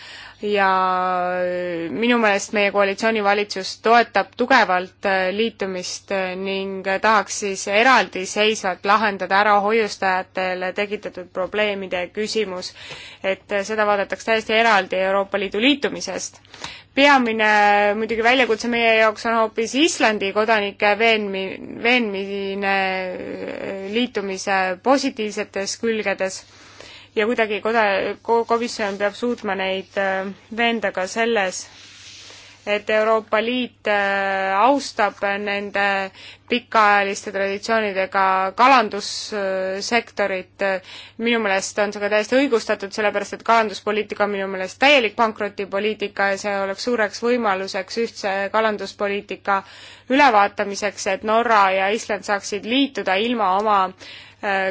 Speaker 4: ja minu meelest meie koalitsioonivalitsus toetab tugevalt äh, liitumist äh, ning äh, tahaks siis eraldiseisvalt lahendada ära hoiustajatele tekitatud probleemide küsimus, et seda vaadatakse täiesti eraldi Euroopa Liidu liitumisest. peamine muidugi väljakutse meie jaoks on hoopis Islandi kodanike veenmi-, veenmine liitumise positiivsetes külgedes ja kuidagi koda, komisjon peab suutma neid äh, veenda ka selles, et Euroopa Liit äh, austab nende pikaajaliste traditsioonidega kalandussektorit. minu meelest on see ka täiesti õigustatud, sellepärast et kalanduspoliitika on minu meelest täielik pankrotipoliitika ja see oleks suureks võimaluseks ühtse kalanduspoliitika ülevaatamiseks, et Norra ja Island saaksid liituda ilma oma äh,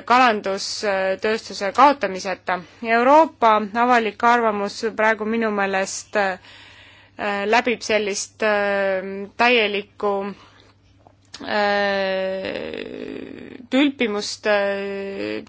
Speaker 4: kalandustööstuse kaotamiseta. Euroopa avalik arvamus praegu minu meelest äh, Äh, läbib sellist äh, täielikku äh, tülpimust,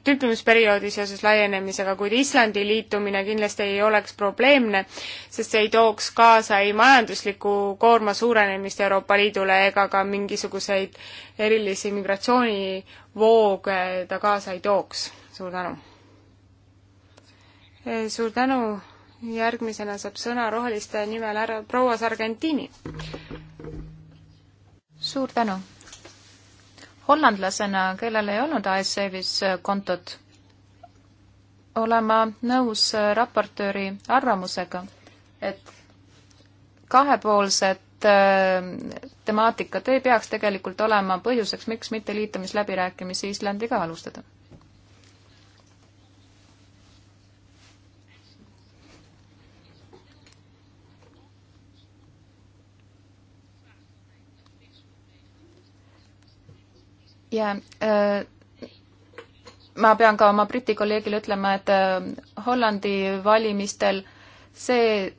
Speaker 4: tülpimisperioodi seoses laienemisega, kuid Islandi liitumine kindlasti ei oleks probleemne, sest see ei tooks kaasa ei majandusliku koorma suurenemist Euroopa Liidule ega ka mingisuguseid erilisi migratsioonivooge ta kaasa ei tooks. suur tänu! suur tänu! järgmisena saab sõna roheliste nimel härra proua Sargentini.
Speaker 3: suur tänu. hollandlasena, kellel ei olnud ASF-is äh, kontot, olen ma nõus äh, raportööri arvamusega, et kahepoolsed äh, temaatikat ei peaks tegelikult olema põhjuseks, miks mitte liitumisläbirääkimisi Islandiga alustada ja öö, äh, ma pean ka oma Briti kolleegile ütlema, et äh, Hollandi valimistel see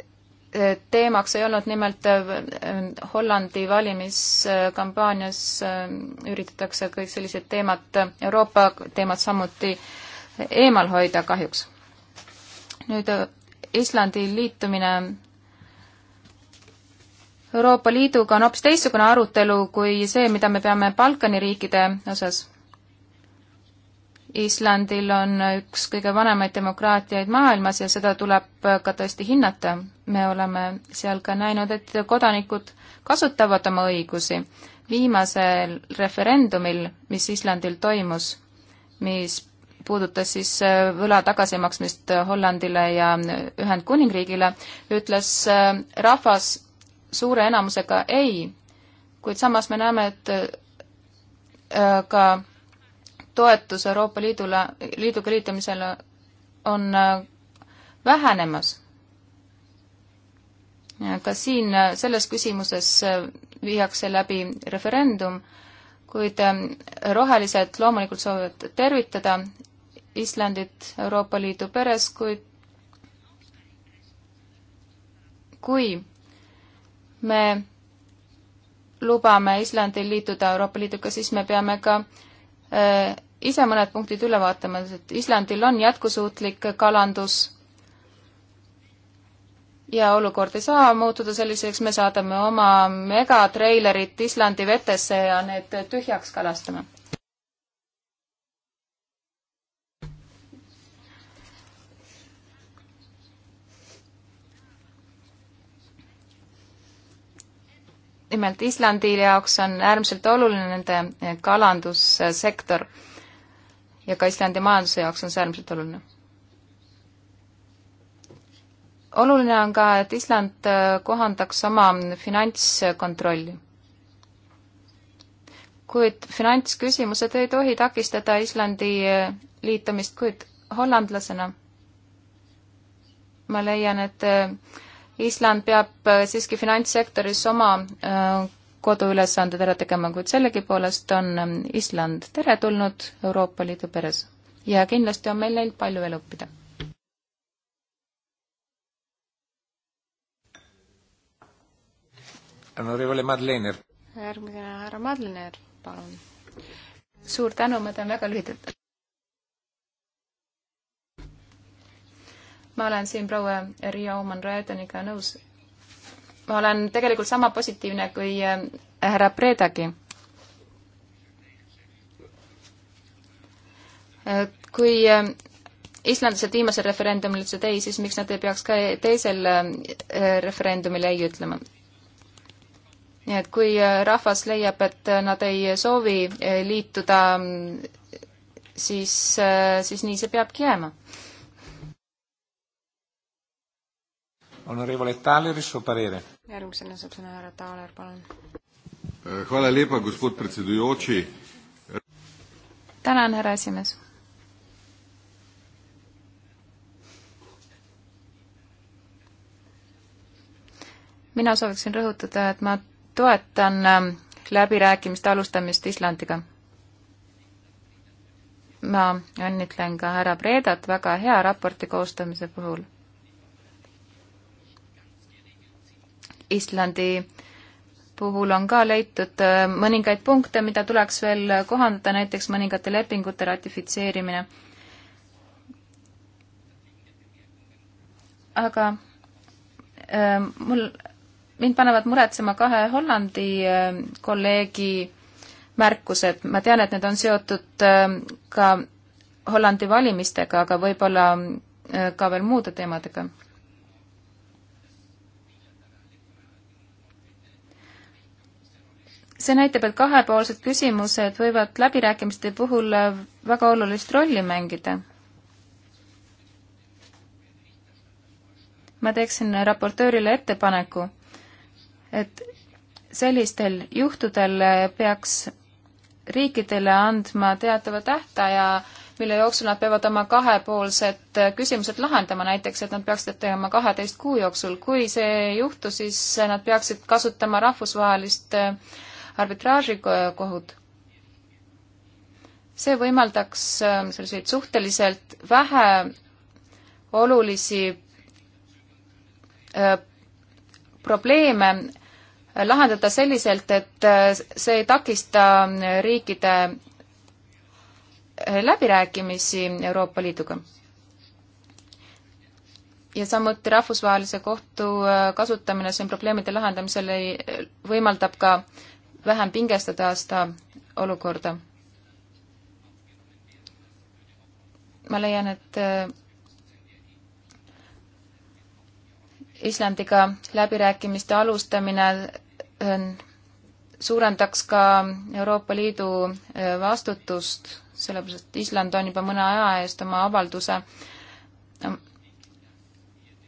Speaker 3: äh, teemaks ei olnud nimelt Hollandi valimiskampaanias üritatakse kõik sellised teemad, Euroopa teemad samuti eemal hoida kahjuks. nüüd Islandi liitumine Euroopa Liiduga on hoopis teistsugune arutelu kui see, mida me peame Balkani riikide osas. Islandil on üks kõige vanemaid demokraatiaid maailmas ja seda tuleb ka tõesti hinnata. me oleme seal ka näinud, et kodanikud kasutavad oma õigusi. viimasel referendumil, mis Islandil toimus, mis puudutas siis äh, võla tagasimaksmist Hollandile ja Ühendkuningriigile, ütles äh, rahvas suure enamusega ei, kuid samas me näeme, et äh, ka toetus Euroopa Liidule, liiduga liitumisele on äh, vähenemas. ka siin äh, selles küsimuses viiakse läbi referendum, kuid rohelised loomulikult soovivad tervitada Islandit Euroopa Liidu peres, kuid kui me lubame Islandil liituda Euroopa Liiduga, siis me peame ka äh, ise mõned punktid üle vaatama, et Islandil on jätkusuutlik kalandus ja olukord ei saa muutuda selliseks, me saadame oma megatreilerid Islandi vetesse ja need tühjaks kalastame nimelt Islandi jaoks on äärmiselt oluline nende eh, kalandussektor ja ka Islandi majanduse jaoks on see äärmiselt oluline. oluline on ka, et Island eh, kohandaks oma finantskontrolli. kuid finantsküsimused ei tohi takistada Islandi eh, liitumist, kuid hollandlasena ma leian, et Island peab äh, siiski finantssektoris oma äh, koduülesanded ära tegema, kuid sellegipoolest on ähm, Island teretulnud Euroopa Liidu peres ja kindlasti on meil neil palju veel õppida. järgmisena härra Madlener, palun. suur tänu, ma teen väga lühidalt ma olen siin proua Riia Oman-Raedeniga nõus. ma olen tegelikult sama positiivne kui äh, härra Predagi. kui äh, islandlased viimasel referendumil ütlesid ei, siis miks nad ei peaks ka teisel äh, referendumil ei ütlema? nii et kui rahvas leiab, et nad ei soovi liituda, siis, siis nii see peabki jääma
Speaker 2: Honorevole Taler, su parere.
Speaker 4: järgmisena saab sõna härra Taler, palun.
Speaker 2: Eh, hvala lepa, gospod predsedujoči.
Speaker 4: tänan, härra
Speaker 3: esimees. mina sooviksin rõhutada, et ma toetan ähm, läbirääkimiste alustamist Islandiga. ma õnnitlen ka härra Predat väga hea raporti koostamise puhul Islandi puhul on ka leitud äh, mõningaid punkte, mida tuleks veel kohandada, näiteks mõningate lepingute ratifitseerimine. aga äh, mul, mind panevad muretsema kahe Hollandi äh, kolleegi märkused, ma tean, et need on seotud ka Hollandi valimistega, aga võib-olla ka veel muude teemadega see näitab, et kahepoolsed küsimused võivad läbirääkimiste puhul väga olulist rolli mängida. ma teeksin raportöörile ettepaneku, et sellistel juhtudel peaks riikidele andma teatava tähtaja, mille jooksul nad peavad oma kahepoolsed küsimused lahendama, näiteks et nad peaksid tegema kaheteist kuu jooksul. kui see ei juhtu, siis nad peaksid kasutama rahvusvahelist äh, arbitraažikohut. see võimaldaks ähm, selliseid suhteliselt vähe olulisi äh, probleeme äh, lahendada selliselt, et äh, see ei takista ähm, riikide läbirääkimisi Euroopa Liiduga. ja samuti rahvusvahelise kohtu kasutamine siin probleemide lahendamisel ei, võimaldab ka vähem pingestada seda olukorda. ma leian, et äh, Islandiga läbirääkimiste alustamine äh, suurendaks ka Euroopa Liidu äh, vastutust, sellepärast et Island on juba mõne aja eest oma avalduse ähm,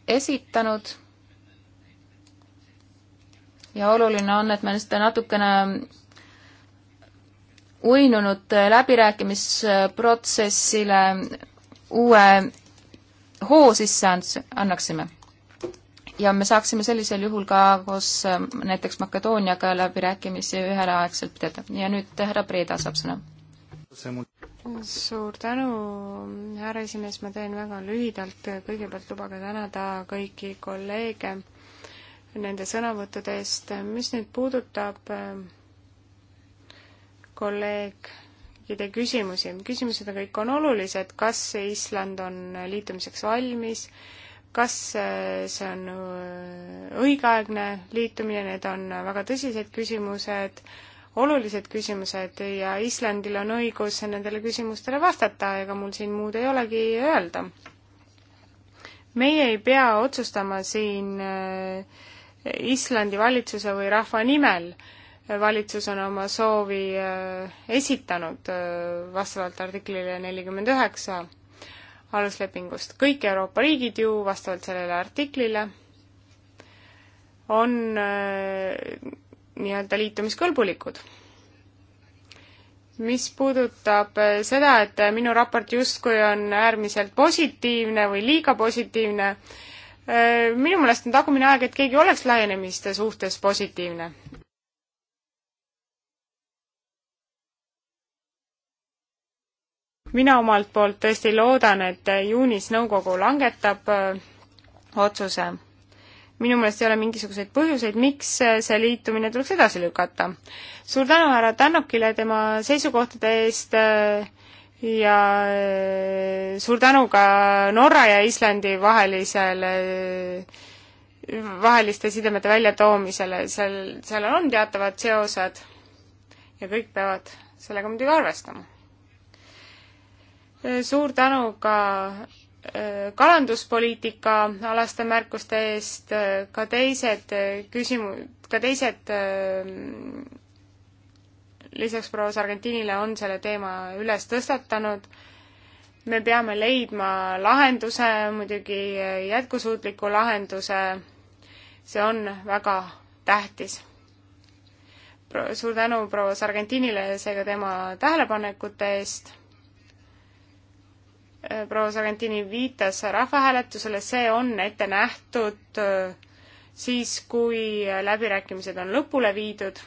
Speaker 3: esitanud ja oluline on, et me seda natukene uinunud läbirääkimisprotsessile uue hoo sisse annaksime. ja me saaksime sellisel juhul ka koos äh, näiteks Makedooniaga läbirääkimisi üheleaegselt pidada. ja nüüd härra Preeda saab sõna.
Speaker 4: suur tänu, härra esimees, ma teen väga lühidalt, kõigepealt lubage tänada kõiki kolleege nende sõnavõttude eest. mis nüüd puudutab äh, kolleegide küsimusi, küsimused on kõik on olulised, kas Island on liitumiseks valmis, kas äh, see on äh, õigeaegne liitumine, need on väga tõsised küsimused, olulised küsimused ja Islandil on õigus nendele küsimustele vastata, ega mul siin muud ei olegi öelda. meie ei pea otsustama siin äh, Islandi valitsuse või rahva nimel. valitsus on oma soovi äh, esitanud äh, vastavalt artiklile nelikümmend üheksa aluslepingust. kõik Euroopa riigid ju vastavalt sellele artiklile on äh, nii-öelda liitumiskõlbulikud. mis puudutab seda, et minu raport justkui on äärmiselt positiivne või liiga positiivne, Äh, minu meelest on tagumine aeg, et keegi oleks laienemiste suhtes positiivne. mina omalt poolt tõesti loodan, et juunis nõukogu langetab äh, otsuse. minu meelest ei ole mingisuguseid põhjuseid, miks äh, see liitumine tuleks edasi lükata. suur tänu härra Tannokile tema seisukohtade eest äh, ja eh, suur tänu ka Norra ja Islandi vahelisele vaheliste sidemete väljatoomisele, seal, sellel on teatavad seosed ja kõik peavad sellega muidugi arvestama. Eh, suur tänu ka eh, kalanduspoliitika alaste märkuste eest, ka teised küsimu-, ka teised lisaks proua Sargentinile on selle teema üles tõstatanud. me peame leidma lahenduse, muidugi jätkusuutliku lahenduse. see on väga tähtis. suur tänu proua Sargentinile seega tema tähelepanekute eest proua Sargentini viitas rahvahääletusele, see on ette nähtud äh, siis, kui läbirääkimised on lõpule viidud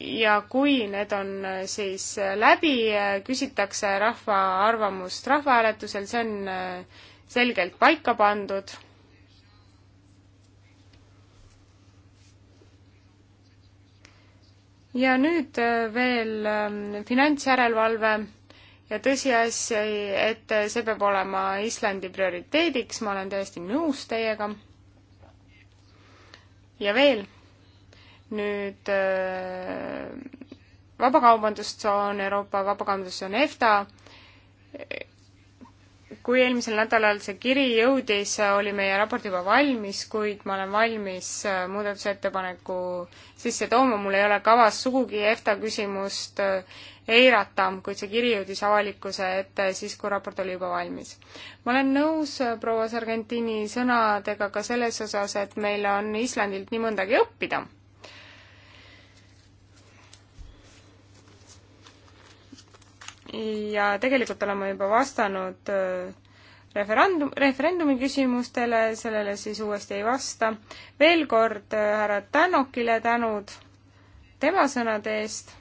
Speaker 4: ja kui need on äh, siis äh, läbi, äh, küsitakse rahva arvamust rahvahääletusel, see on selgelt paika pandud. ja nüüd veel ähm, finantsjärelevalve ja tõsiasi, et see peab olema Islandi prioriteediks, ma olen täiesti nõus teiega. ja veel nüüd äh, vabakaubandustsoon, Euroopa vabakaubandustsoon EFTA, kui eelmisel nädalal see kiri jõudis, oli meie raport juba valmis, kuid ma olen valmis äh, muudatusettepaneku sisse tooma, mul ei ole kavas sugugi EFTA küsimust äh, eirata, kuid see kiri jõudis avalikkuse ette siis, kui raport oli juba valmis. ma olen nõus proua Sargentini sõnadega ka selles osas, et meil on Islandilt nii mõndagi õppida ja tegelikult oleme juba vastanud äh, referendum, referendumi küsimustele, sellele siis uuesti ei vasta. veel kord äh, härra Tänokile tänud tema sõnade eest.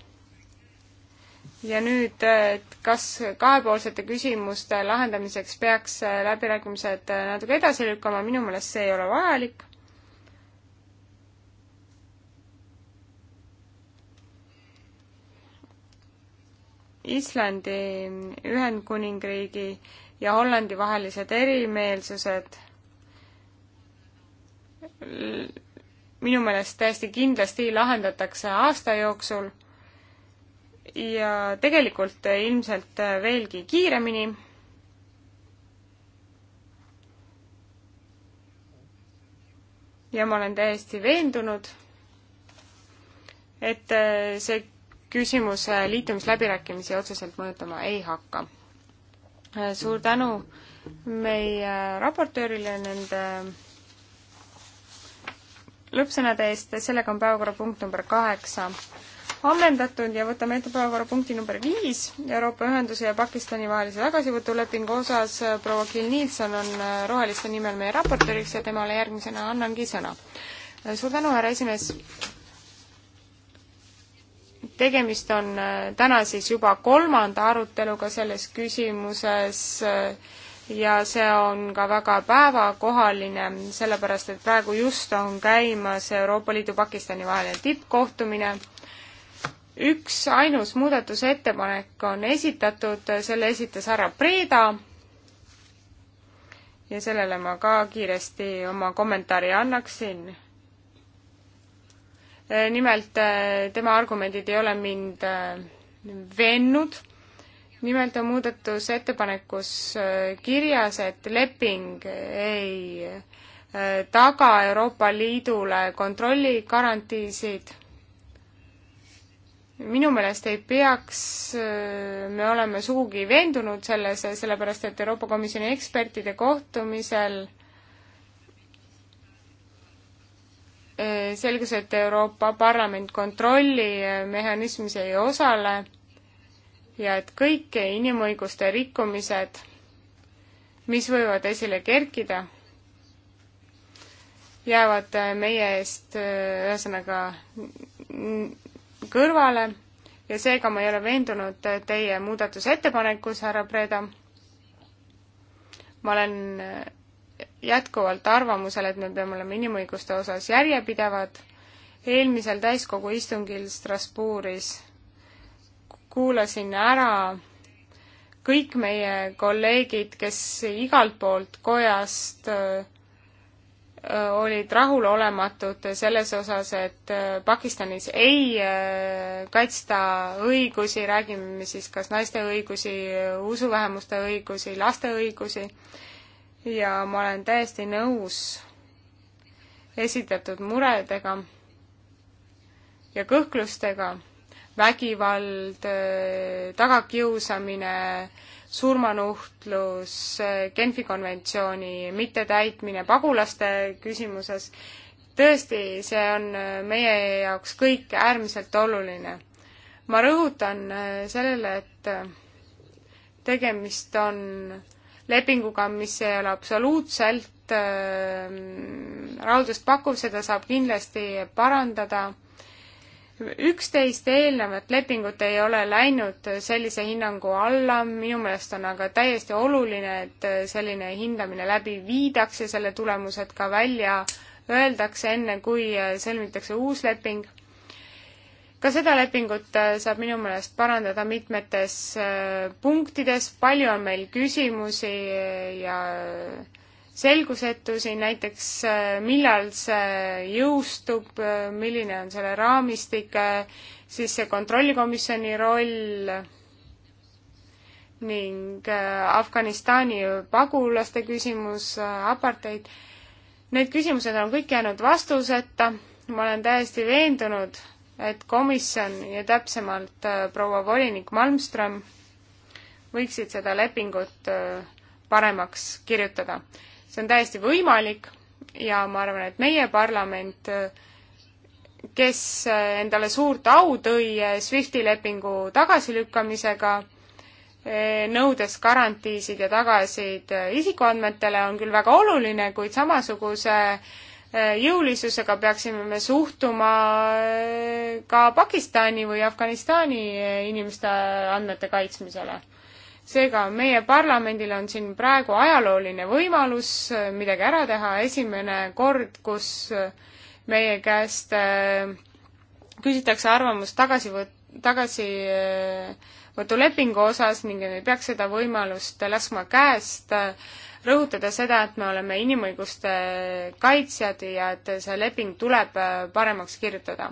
Speaker 4: ja nüüd, et äh, kas kahepoolsete küsimuste lahendamiseks peaks läbirääkimised natuke edasi lükkama, minu meelest see ei ole vajalik. Islandi, Ühendkuningriigi ja Hollandi vahelised erimeelsused minu meelest täiesti kindlasti lahendatakse aasta jooksul ja tegelikult ilmselt veelgi kiiremini ja ma olen täiesti veendunud, et see küsimus liitumisläbirääkimisi otseselt mõjutama ei hakka. suur tänu meie raportöörile nende lõppsõnade eest, sellega on päevakorrapunkt number kaheksa ammendatud ja võtame ette päevakorrapunkti number viis, Euroopa Ühenduse ja Pakistani vahelise tagasivõtulepingu osas. proua Kill Nielsen on Roheliste nimel meie raportööriks ja temale järgmisena annangi sõna. suur tänu, härra esimees! tegemist on äh, täna siis juba kolmanda aruteluga selles küsimuses äh, ja see on ka väga päevakohaline, sellepärast et praegu just on käimas Euroopa Liidu Pakistani vaheline tippkohtumine. üks ainus muudatusettepanek on esitatud, selle esitas härra Preeda ja sellele ma ka kiiresti oma kommentaari annaksin Eh, nimelt eh, tema argumendid ei ole mind eh, veennud. nimelt on muudatusettepanekus kirjas, et leping ei taga Euroopa Liidule kontrolligarantiisid. minu meelest ei peaks me olema sugugi veendunud selles, sellepärast et Euroopa Komisjoni ekspertide kohtumisel Äh, selgus, et Euroopa Parlament kontrollimehhanismis äh, ei osale ja et kõik inimõiguste rikkumised, mis võivad esile kerkida, jäävad äh, meie eest ühesõnaga kõrvale ja seega ma ei ole veendunud teie muudatusettepanekus, härra Preda. ma olen jätkuvalt arvamusel, et me peame olema inimõiguste osas järjepidevad. eelmisel täiskogu istungil Strasbourgis kuulasin ära kõik meie kolleegid, kes igalt poolt kojast äh, olid rahulolematud selles osas, et äh, Pakistanis ei äh, kaitsta õigusi, räägime siis kas naiste õigusi, usuvähemuste õigusi, laste õigusi ja ma olen täiesti nõus esitatud muredega ja kõhklustega, vägivald, tagakiusamine, surmanuhtlus, Genfi konventsiooni mittetäitmine pagulaste küsimuses, tõesti, see on meie jaoks kõik äärmiselt oluline. ma rõhutan sellele, et tegemist on lepinguga, mis ei ole absoluutselt äh, rahuldust pakkuv, seda saab kindlasti parandada. üksteist eelnevat lepingut ei ole läinud sellise hinnangu alla, minu meelest on aga täiesti oluline, et selline hindamine läbi viidakse, selle tulemused ka välja öeldakse, enne kui sõlmitakse uus leping ka seda lepingut äh, saab minu meelest parandada mitmetes äh, punktides, palju on meil küsimusi äh, ja selgusetusi, näiteks millal see jõustub, milline on selle raamistik, siis see kontrollikomisjoni roll ning Afganistani pagulaste küsimus, apartheid. Need küsimused on kõik jäänud vastuseta, ma olen täiesti veendunud, et komisjon ja täpsemalt äh, proua volinik Malmström võiksid seda lepingut äh, paremaks kirjutada. see on täiesti võimalik ja ma arvan, et meie parlament, äh, kes endale suurt au tõi SWIFTi lepingu tagasilükkamisega, nõudes garantiisid ja tagasid isikuandmetele, on küll väga oluline, kuid samasuguse äh, jõulisusega peaksime me suhtuma äh, ka Pakistani või Afganistani äh, inimeste andmete kaitsmisele. seega meie parlamendil on siin praegu ajalooline võimalus äh, midagi ära teha, esimene kord, kus meie käest küsitakse arvamust tagasivõt-, tagasivõtulepingu osas ning me ei peaks seda võimalust laskma käest äh, rõhutada seda, et me oleme inimõiguste kaitsjad ja et see leping tuleb äh, paremaks kirjutada.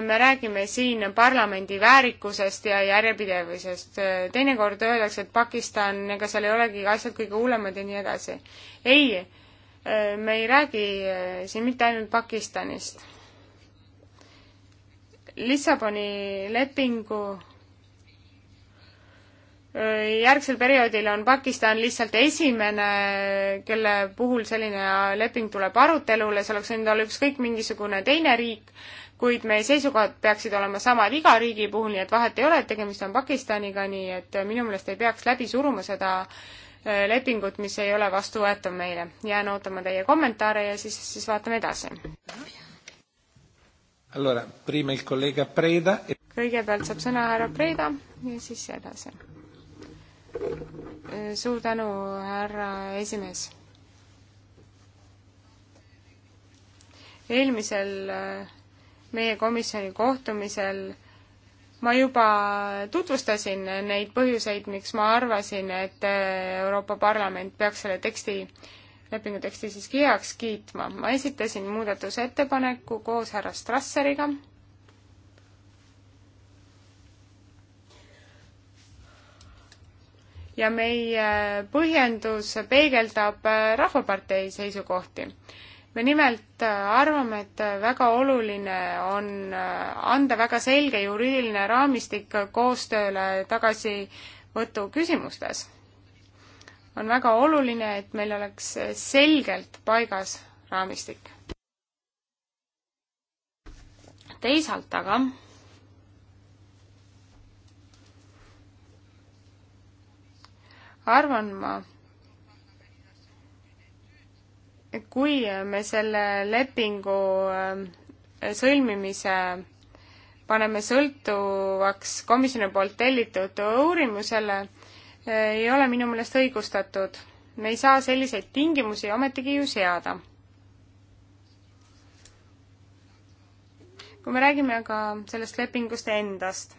Speaker 4: me räägime siin parlamendi väärikusest ja järjepidevusest. teinekord öeldakse, et Pakistan, ega seal ei olegi asjad kõige hullemad ja nii edasi. ei, äh, me ei räägi äh, siin mitte ainult Pakistanist. Lissaboni lepingu järgsel perioodil on Pakistan lihtsalt esimene, kelle puhul selline leping tuleb arutelule, see oleks võinud olla ükskõik mingisugune teine riik, kuid meie seisukohad peaksid olema samad iga riigi puhul, nii et vahet ei ole, et tegemist on Pakistaniga, nii et minu meelest ei peaks läbi suruma seda äh, lepingut, mis ei ole vastuvõetav meile. jään ootama teie kommentaare ja siis, siis vaatame edasi.
Speaker 2: E-
Speaker 4: kõigepealt saab sõna härra Preda ja siis edasi Äh, suur tänu, härra esimees. eelmisel äh, meie komisjoni kohtumisel ma juba tutvustasin neid põhjuseid, miks ma arvasin, et äh, Euroopa Parlament peaks selle teksti, lepingu teksti siiski heaks kiitma. ma esitasin muudatusettepaneku koos härra Strasseriga ja meie põhjendus peegeldab äh, Rahvapartei seisukohti. me nimelt äh, arvame, et äh, väga oluline on anda väga selge juriidiline raamistik koostööle tagasivõtu küsimustes. on väga oluline, et meil oleks selgelt paigas raamistik. teisalt aga arvan ma, et kui me selle lepingu äh, sõlmimise paneme sõltuvaks komisjoni poolt tellitud uurimusele, äh, ei ole minu meelest õigustatud. me ei saa selliseid tingimusi ometigi ju seada. kui me räägime aga sellest lepingust endast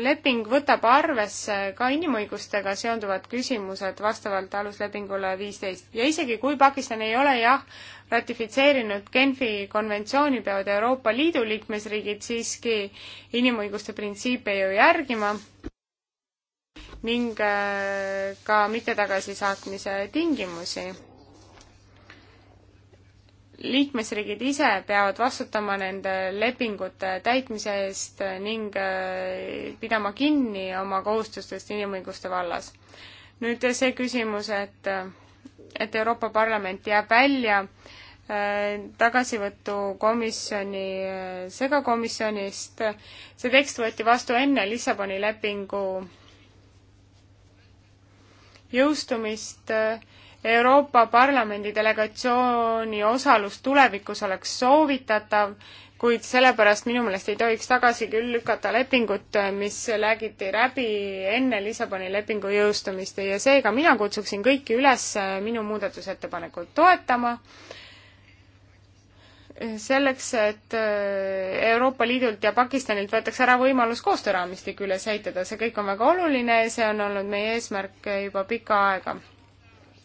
Speaker 4: leping võtab arvesse ka inimõigustega seonduvad küsimused vastavalt aluslepingule viisteist ja isegi kui Pakistan ei ole jah, ratifitseerinud Genfi konventsiooni, peavad Euroopa Liidu liikmesriigid siiski inimõiguste printsiipe ju järgima ning äh, ka mittetagasisaatmise tingimusi liikmesriigid ise peavad vastutama nende lepingute täitmise eest ning äh, pidama kinni oma kohustustest inimõiguste vallas. nüüd see küsimus, et, et Euroopa Parlament jääb välja äh, tagasivõtukomisjoni äh, segakomisjonist, see tekst võeti vastu enne Lissaboni lepingu jõustumist äh, Euroopa Parlamendi delegatsiooni osalus tulevikus oleks soovitatav, kuid sellepärast minu meelest ei tohiks tagasi küll lükata lepingut, mis räägiti läbi enne Lissaboni lepingu jõustumist ja seega mina kutsuksin kõiki üles minu muudatusettepanekut toetama selleks, et Euroopa Liidult ja Pakistanilt võetakse ära võimalus koostööraamistik üles ehitada, see kõik on väga oluline ja see on olnud meie eesmärk juba pikka aega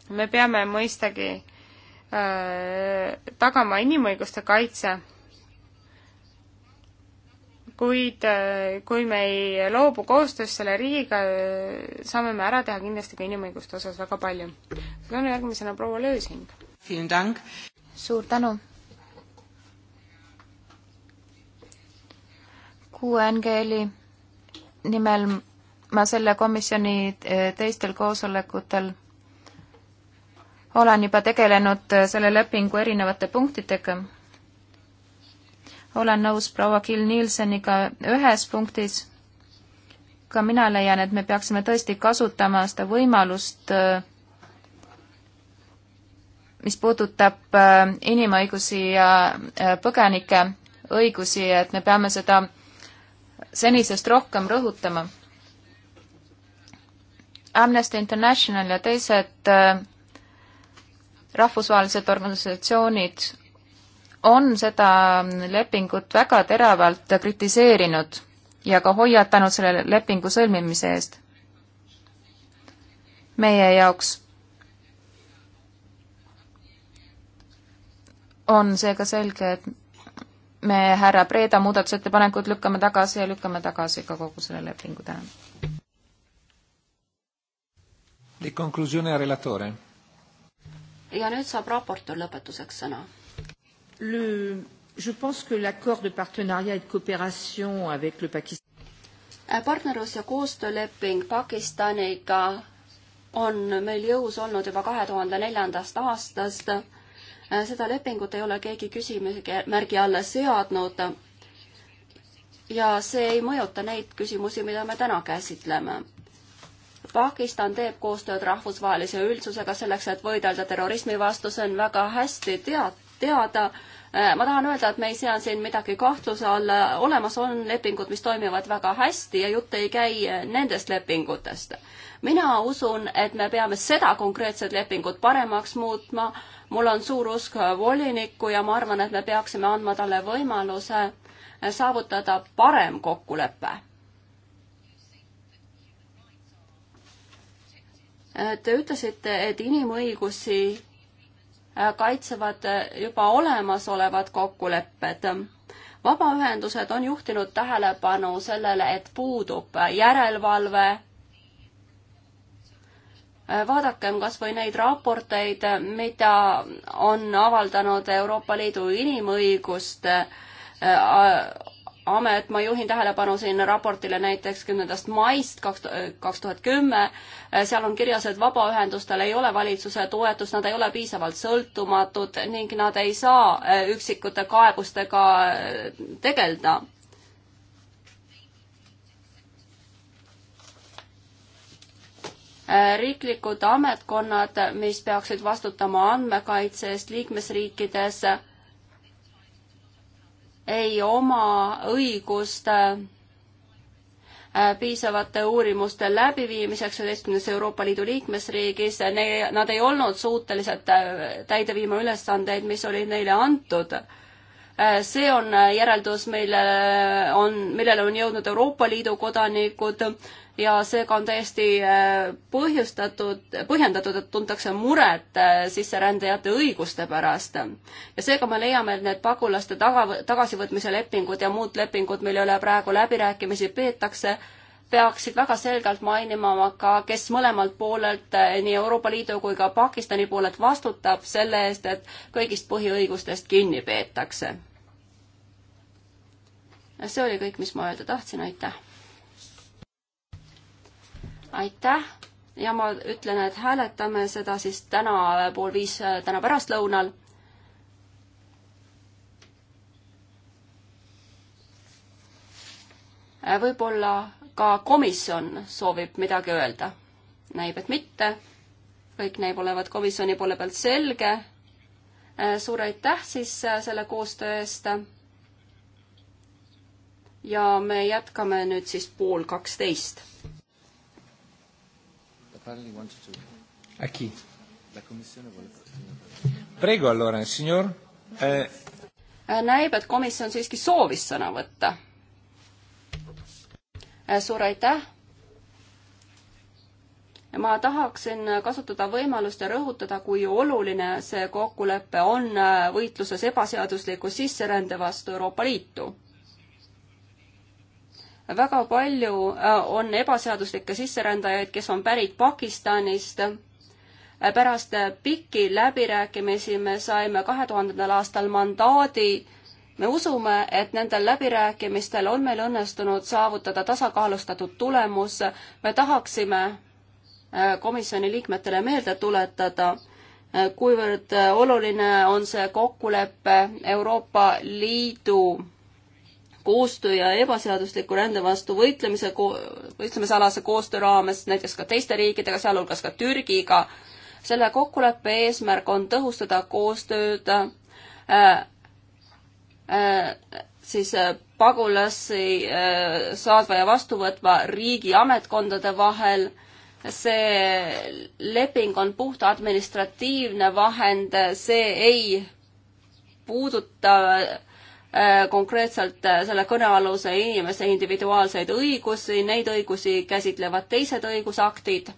Speaker 4: me peame mõistagi äh, tagama inimõiguste kaitse, kuid äh, kui me ei loobu koostööst selle riigiga äh,, saame me ära teha kindlasti ka inimõiguste osas väga palju. suur tänu, järgmisena proua Lösing!
Speaker 3: suur tänu! QNGL-i nimel ma selle komisjoni äh, teistel koosolekutel olen juba tegelenud äh, selle lepingu erinevate punktidega. olen nõus proua Kill Nielseniga ühes punktis. ka mina leian, et me peaksime tõesti kasutama seda võimalust, äh, mis puudutab äh, inimõigusi ja põgenike õigusi, et me peame seda senisest rohkem rõhutama. Amnesty International ja teised rahvusvahelised organisatsioonid on seda lepingut väga teravalt kritiseerinud ja ka hoiatanud selle lepingu sõlmimise eest meie jaoks on seega selge, et me härra Preeda muudatusettepanekud lükkame tagasi ja lükkame tagasi ka kogu selle lepingu
Speaker 2: täna
Speaker 1: ja nüüd saab raportöör lõpetuseks sõna.
Speaker 3: Je pense que l'accord de partenariat et de coopération avec le Pakistan
Speaker 1: äh, partnerlus- ja koostööleping Pakistaniga on meil jõus olnud juba kahe tuhande neljandast aastast. Äh, seda lepingut ei ole keegi küsimärgi alla seadnud. ja see ei mõjuta neid küsimusi, mida me täna käsitleme Pakistan teeb koostööd rahvusvahelise üldsusega selleks, et võidelda terrorismi vastu, see on väga hästi tead-, teada. Äh, ma tahan öelda, et me ei sea siin midagi kahtluse alla, olemas on lepingud, mis toimivad väga hästi ja jutt ei käi äh, nendest lepingutest. mina usun, et me peame seda konkreetset lepingut paremaks muutma, mul on suur usk volinikku ja ma arvan, et me peaksime andma talle võimaluse äh, saavutada parem kokkulepe Te ütlesite, et inimõigusi äh, kaitsevad äh, juba olemasolevad kokkulepped. vabaühendused on juhtinud tähelepanu sellele, et puudub järelevalve. Äh, vaadakem kas või neid raporteid, mida on avaldanud Euroopa Liidu inimõiguste amet, ma juhin tähelepanu siin raportile näiteks kümnendast maist kaks, kaks tuhat kümme, seal on kirjas, et vabaühendustel ei ole valitsuse toetust, nad ei ole piisavalt sõltumatud ning nad ei saa äh, üksikute kaebustega äh, tegeleda. Äh, riiklikud ametkonnad, mis peaksid vastutama andmekaitse eest liikmesriikides, ei oma õigust äh, piisavate uurimuste läbiviimiseks üheteistkümnes Euroopa Liidu liikmesriigis, nad ei olnud suutelised äh, täide viima ülesandeid, mis olid neile antud. Äh, see on järeldus, mille on, millele on jõudnud Euroopa Liidu kodanikud ja seega on täiesti äh, põhjustatud, põhjendatud, et tuntakse muret äh, sisserändajate õiguste pärast. ja seega me leiame, et need pagulaste taga, tagasivõtmise lepingud ja muud lepingud, mille üle praegu läbirääkimisi peetakse, peaksid väga selgelt mainima ka, kes mõlemalt poolelt, äh, nii Euroopa Liidu kui ka Pakistani poolelt vastutab selle eest, et kõigist põhiõigustest kinni peetakse. see oli kõik, mis ma öelda tahtsin, aitäh! aitäh ja ma ütlen, et hääletame seda siis täna pool viis, täna pärastlõunal. võib-olla ka komisjon soovib midagi öelda. näib, et mitte. kõik näib olevat komisjoni poole pealt selge. suur aitäh siis selle koostöö eest. ja me jätkame nüüd siis pool kaksteist.
Speaker 2: Parli wanted to. A chi? La commissione vuole. Prego allora, signor eh....
Speaker 1: Äh, näib, et komisjon siiski soovis sõna võtta. Äh, suur aitäh ma tahaksin kasutada võimalust ja rõhutada, kui oluline see kokkulepe on äh, võitluses ebaseadusliku sisserände vastu Euroopa Liitu väga palju äh, on ebaseaduslikke sisserändajaid, kes on pärit Pakistanist. Äh, pärast pikki läbirääkimisi me saime kahe tuhandendal aastal mandaadi. me usume, et nendel läbirääkimistel on meil õnnestunud saavutada tasakaalustatud tulemus. me tahaksime äh, komisjoni liikmetele meelde tuletada, kuivõrd oluline on see kokkulepe Euroopa Liidu koostöö ja ebaseadusliku rände vastu võitlemise, võitlemisalase koostöö raames, näiteks ka teiste riikidega, sealhulgas ka Türgiga. selle kokkuleppe eesmärk on tõhustada koostööd äh, äh, siis äh, pagulasi äh, saadva ja vastuvõtva riigi ametkondade vahel see leping on puht administratiivne vahend, see ei puuduta Äh, konkreetselt äh, selle kõnealuse inimese individuaalseid õigusi, neid õigusi käsitlevad teised õigusaktid.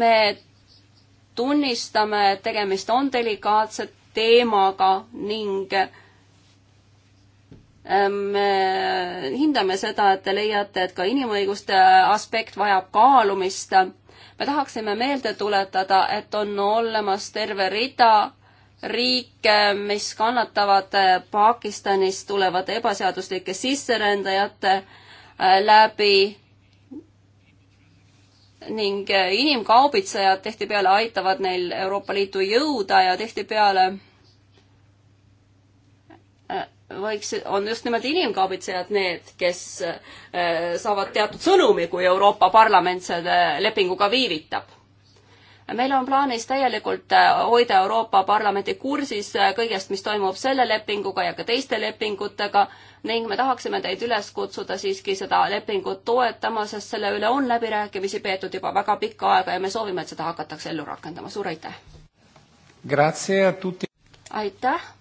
Speaker 1: me tunnistame, et tegemist on delikaatse teemaga ning äh, me hindame seda, et te leiate, et ka inimõiguste aspekt vajab kaalumist. me tahaksime meelde tuletada, et on olemas terve rida riike, mis kannatavad äh, Pakistanist tulevate ebaseaduslike sisserändajate äh, läbi ning äh, inimkaubitsejad tihtipeale aitavad neil Euroopa Liitu jõuda ja tihtipeale võiks, on just nimelt inimkaubitsejad need, kes saavad teatud sõnumi, kui Euroopa Parlament selle lepinguga viivitab meil on plaanis täielikult äh, hoida Euroopa Parlamenti kursis äh, kõigest, mis toimub selle lepinguga ja ka teiste lepingutega ning me tahaksime teid üles kutsuda siiski seda lepingut toetama, sest selle üle on läbirääkimisi peetud juba väga pikka aega ja me soovime, et seda hakatakse ellu rakendama. suur aitäh! aitäh!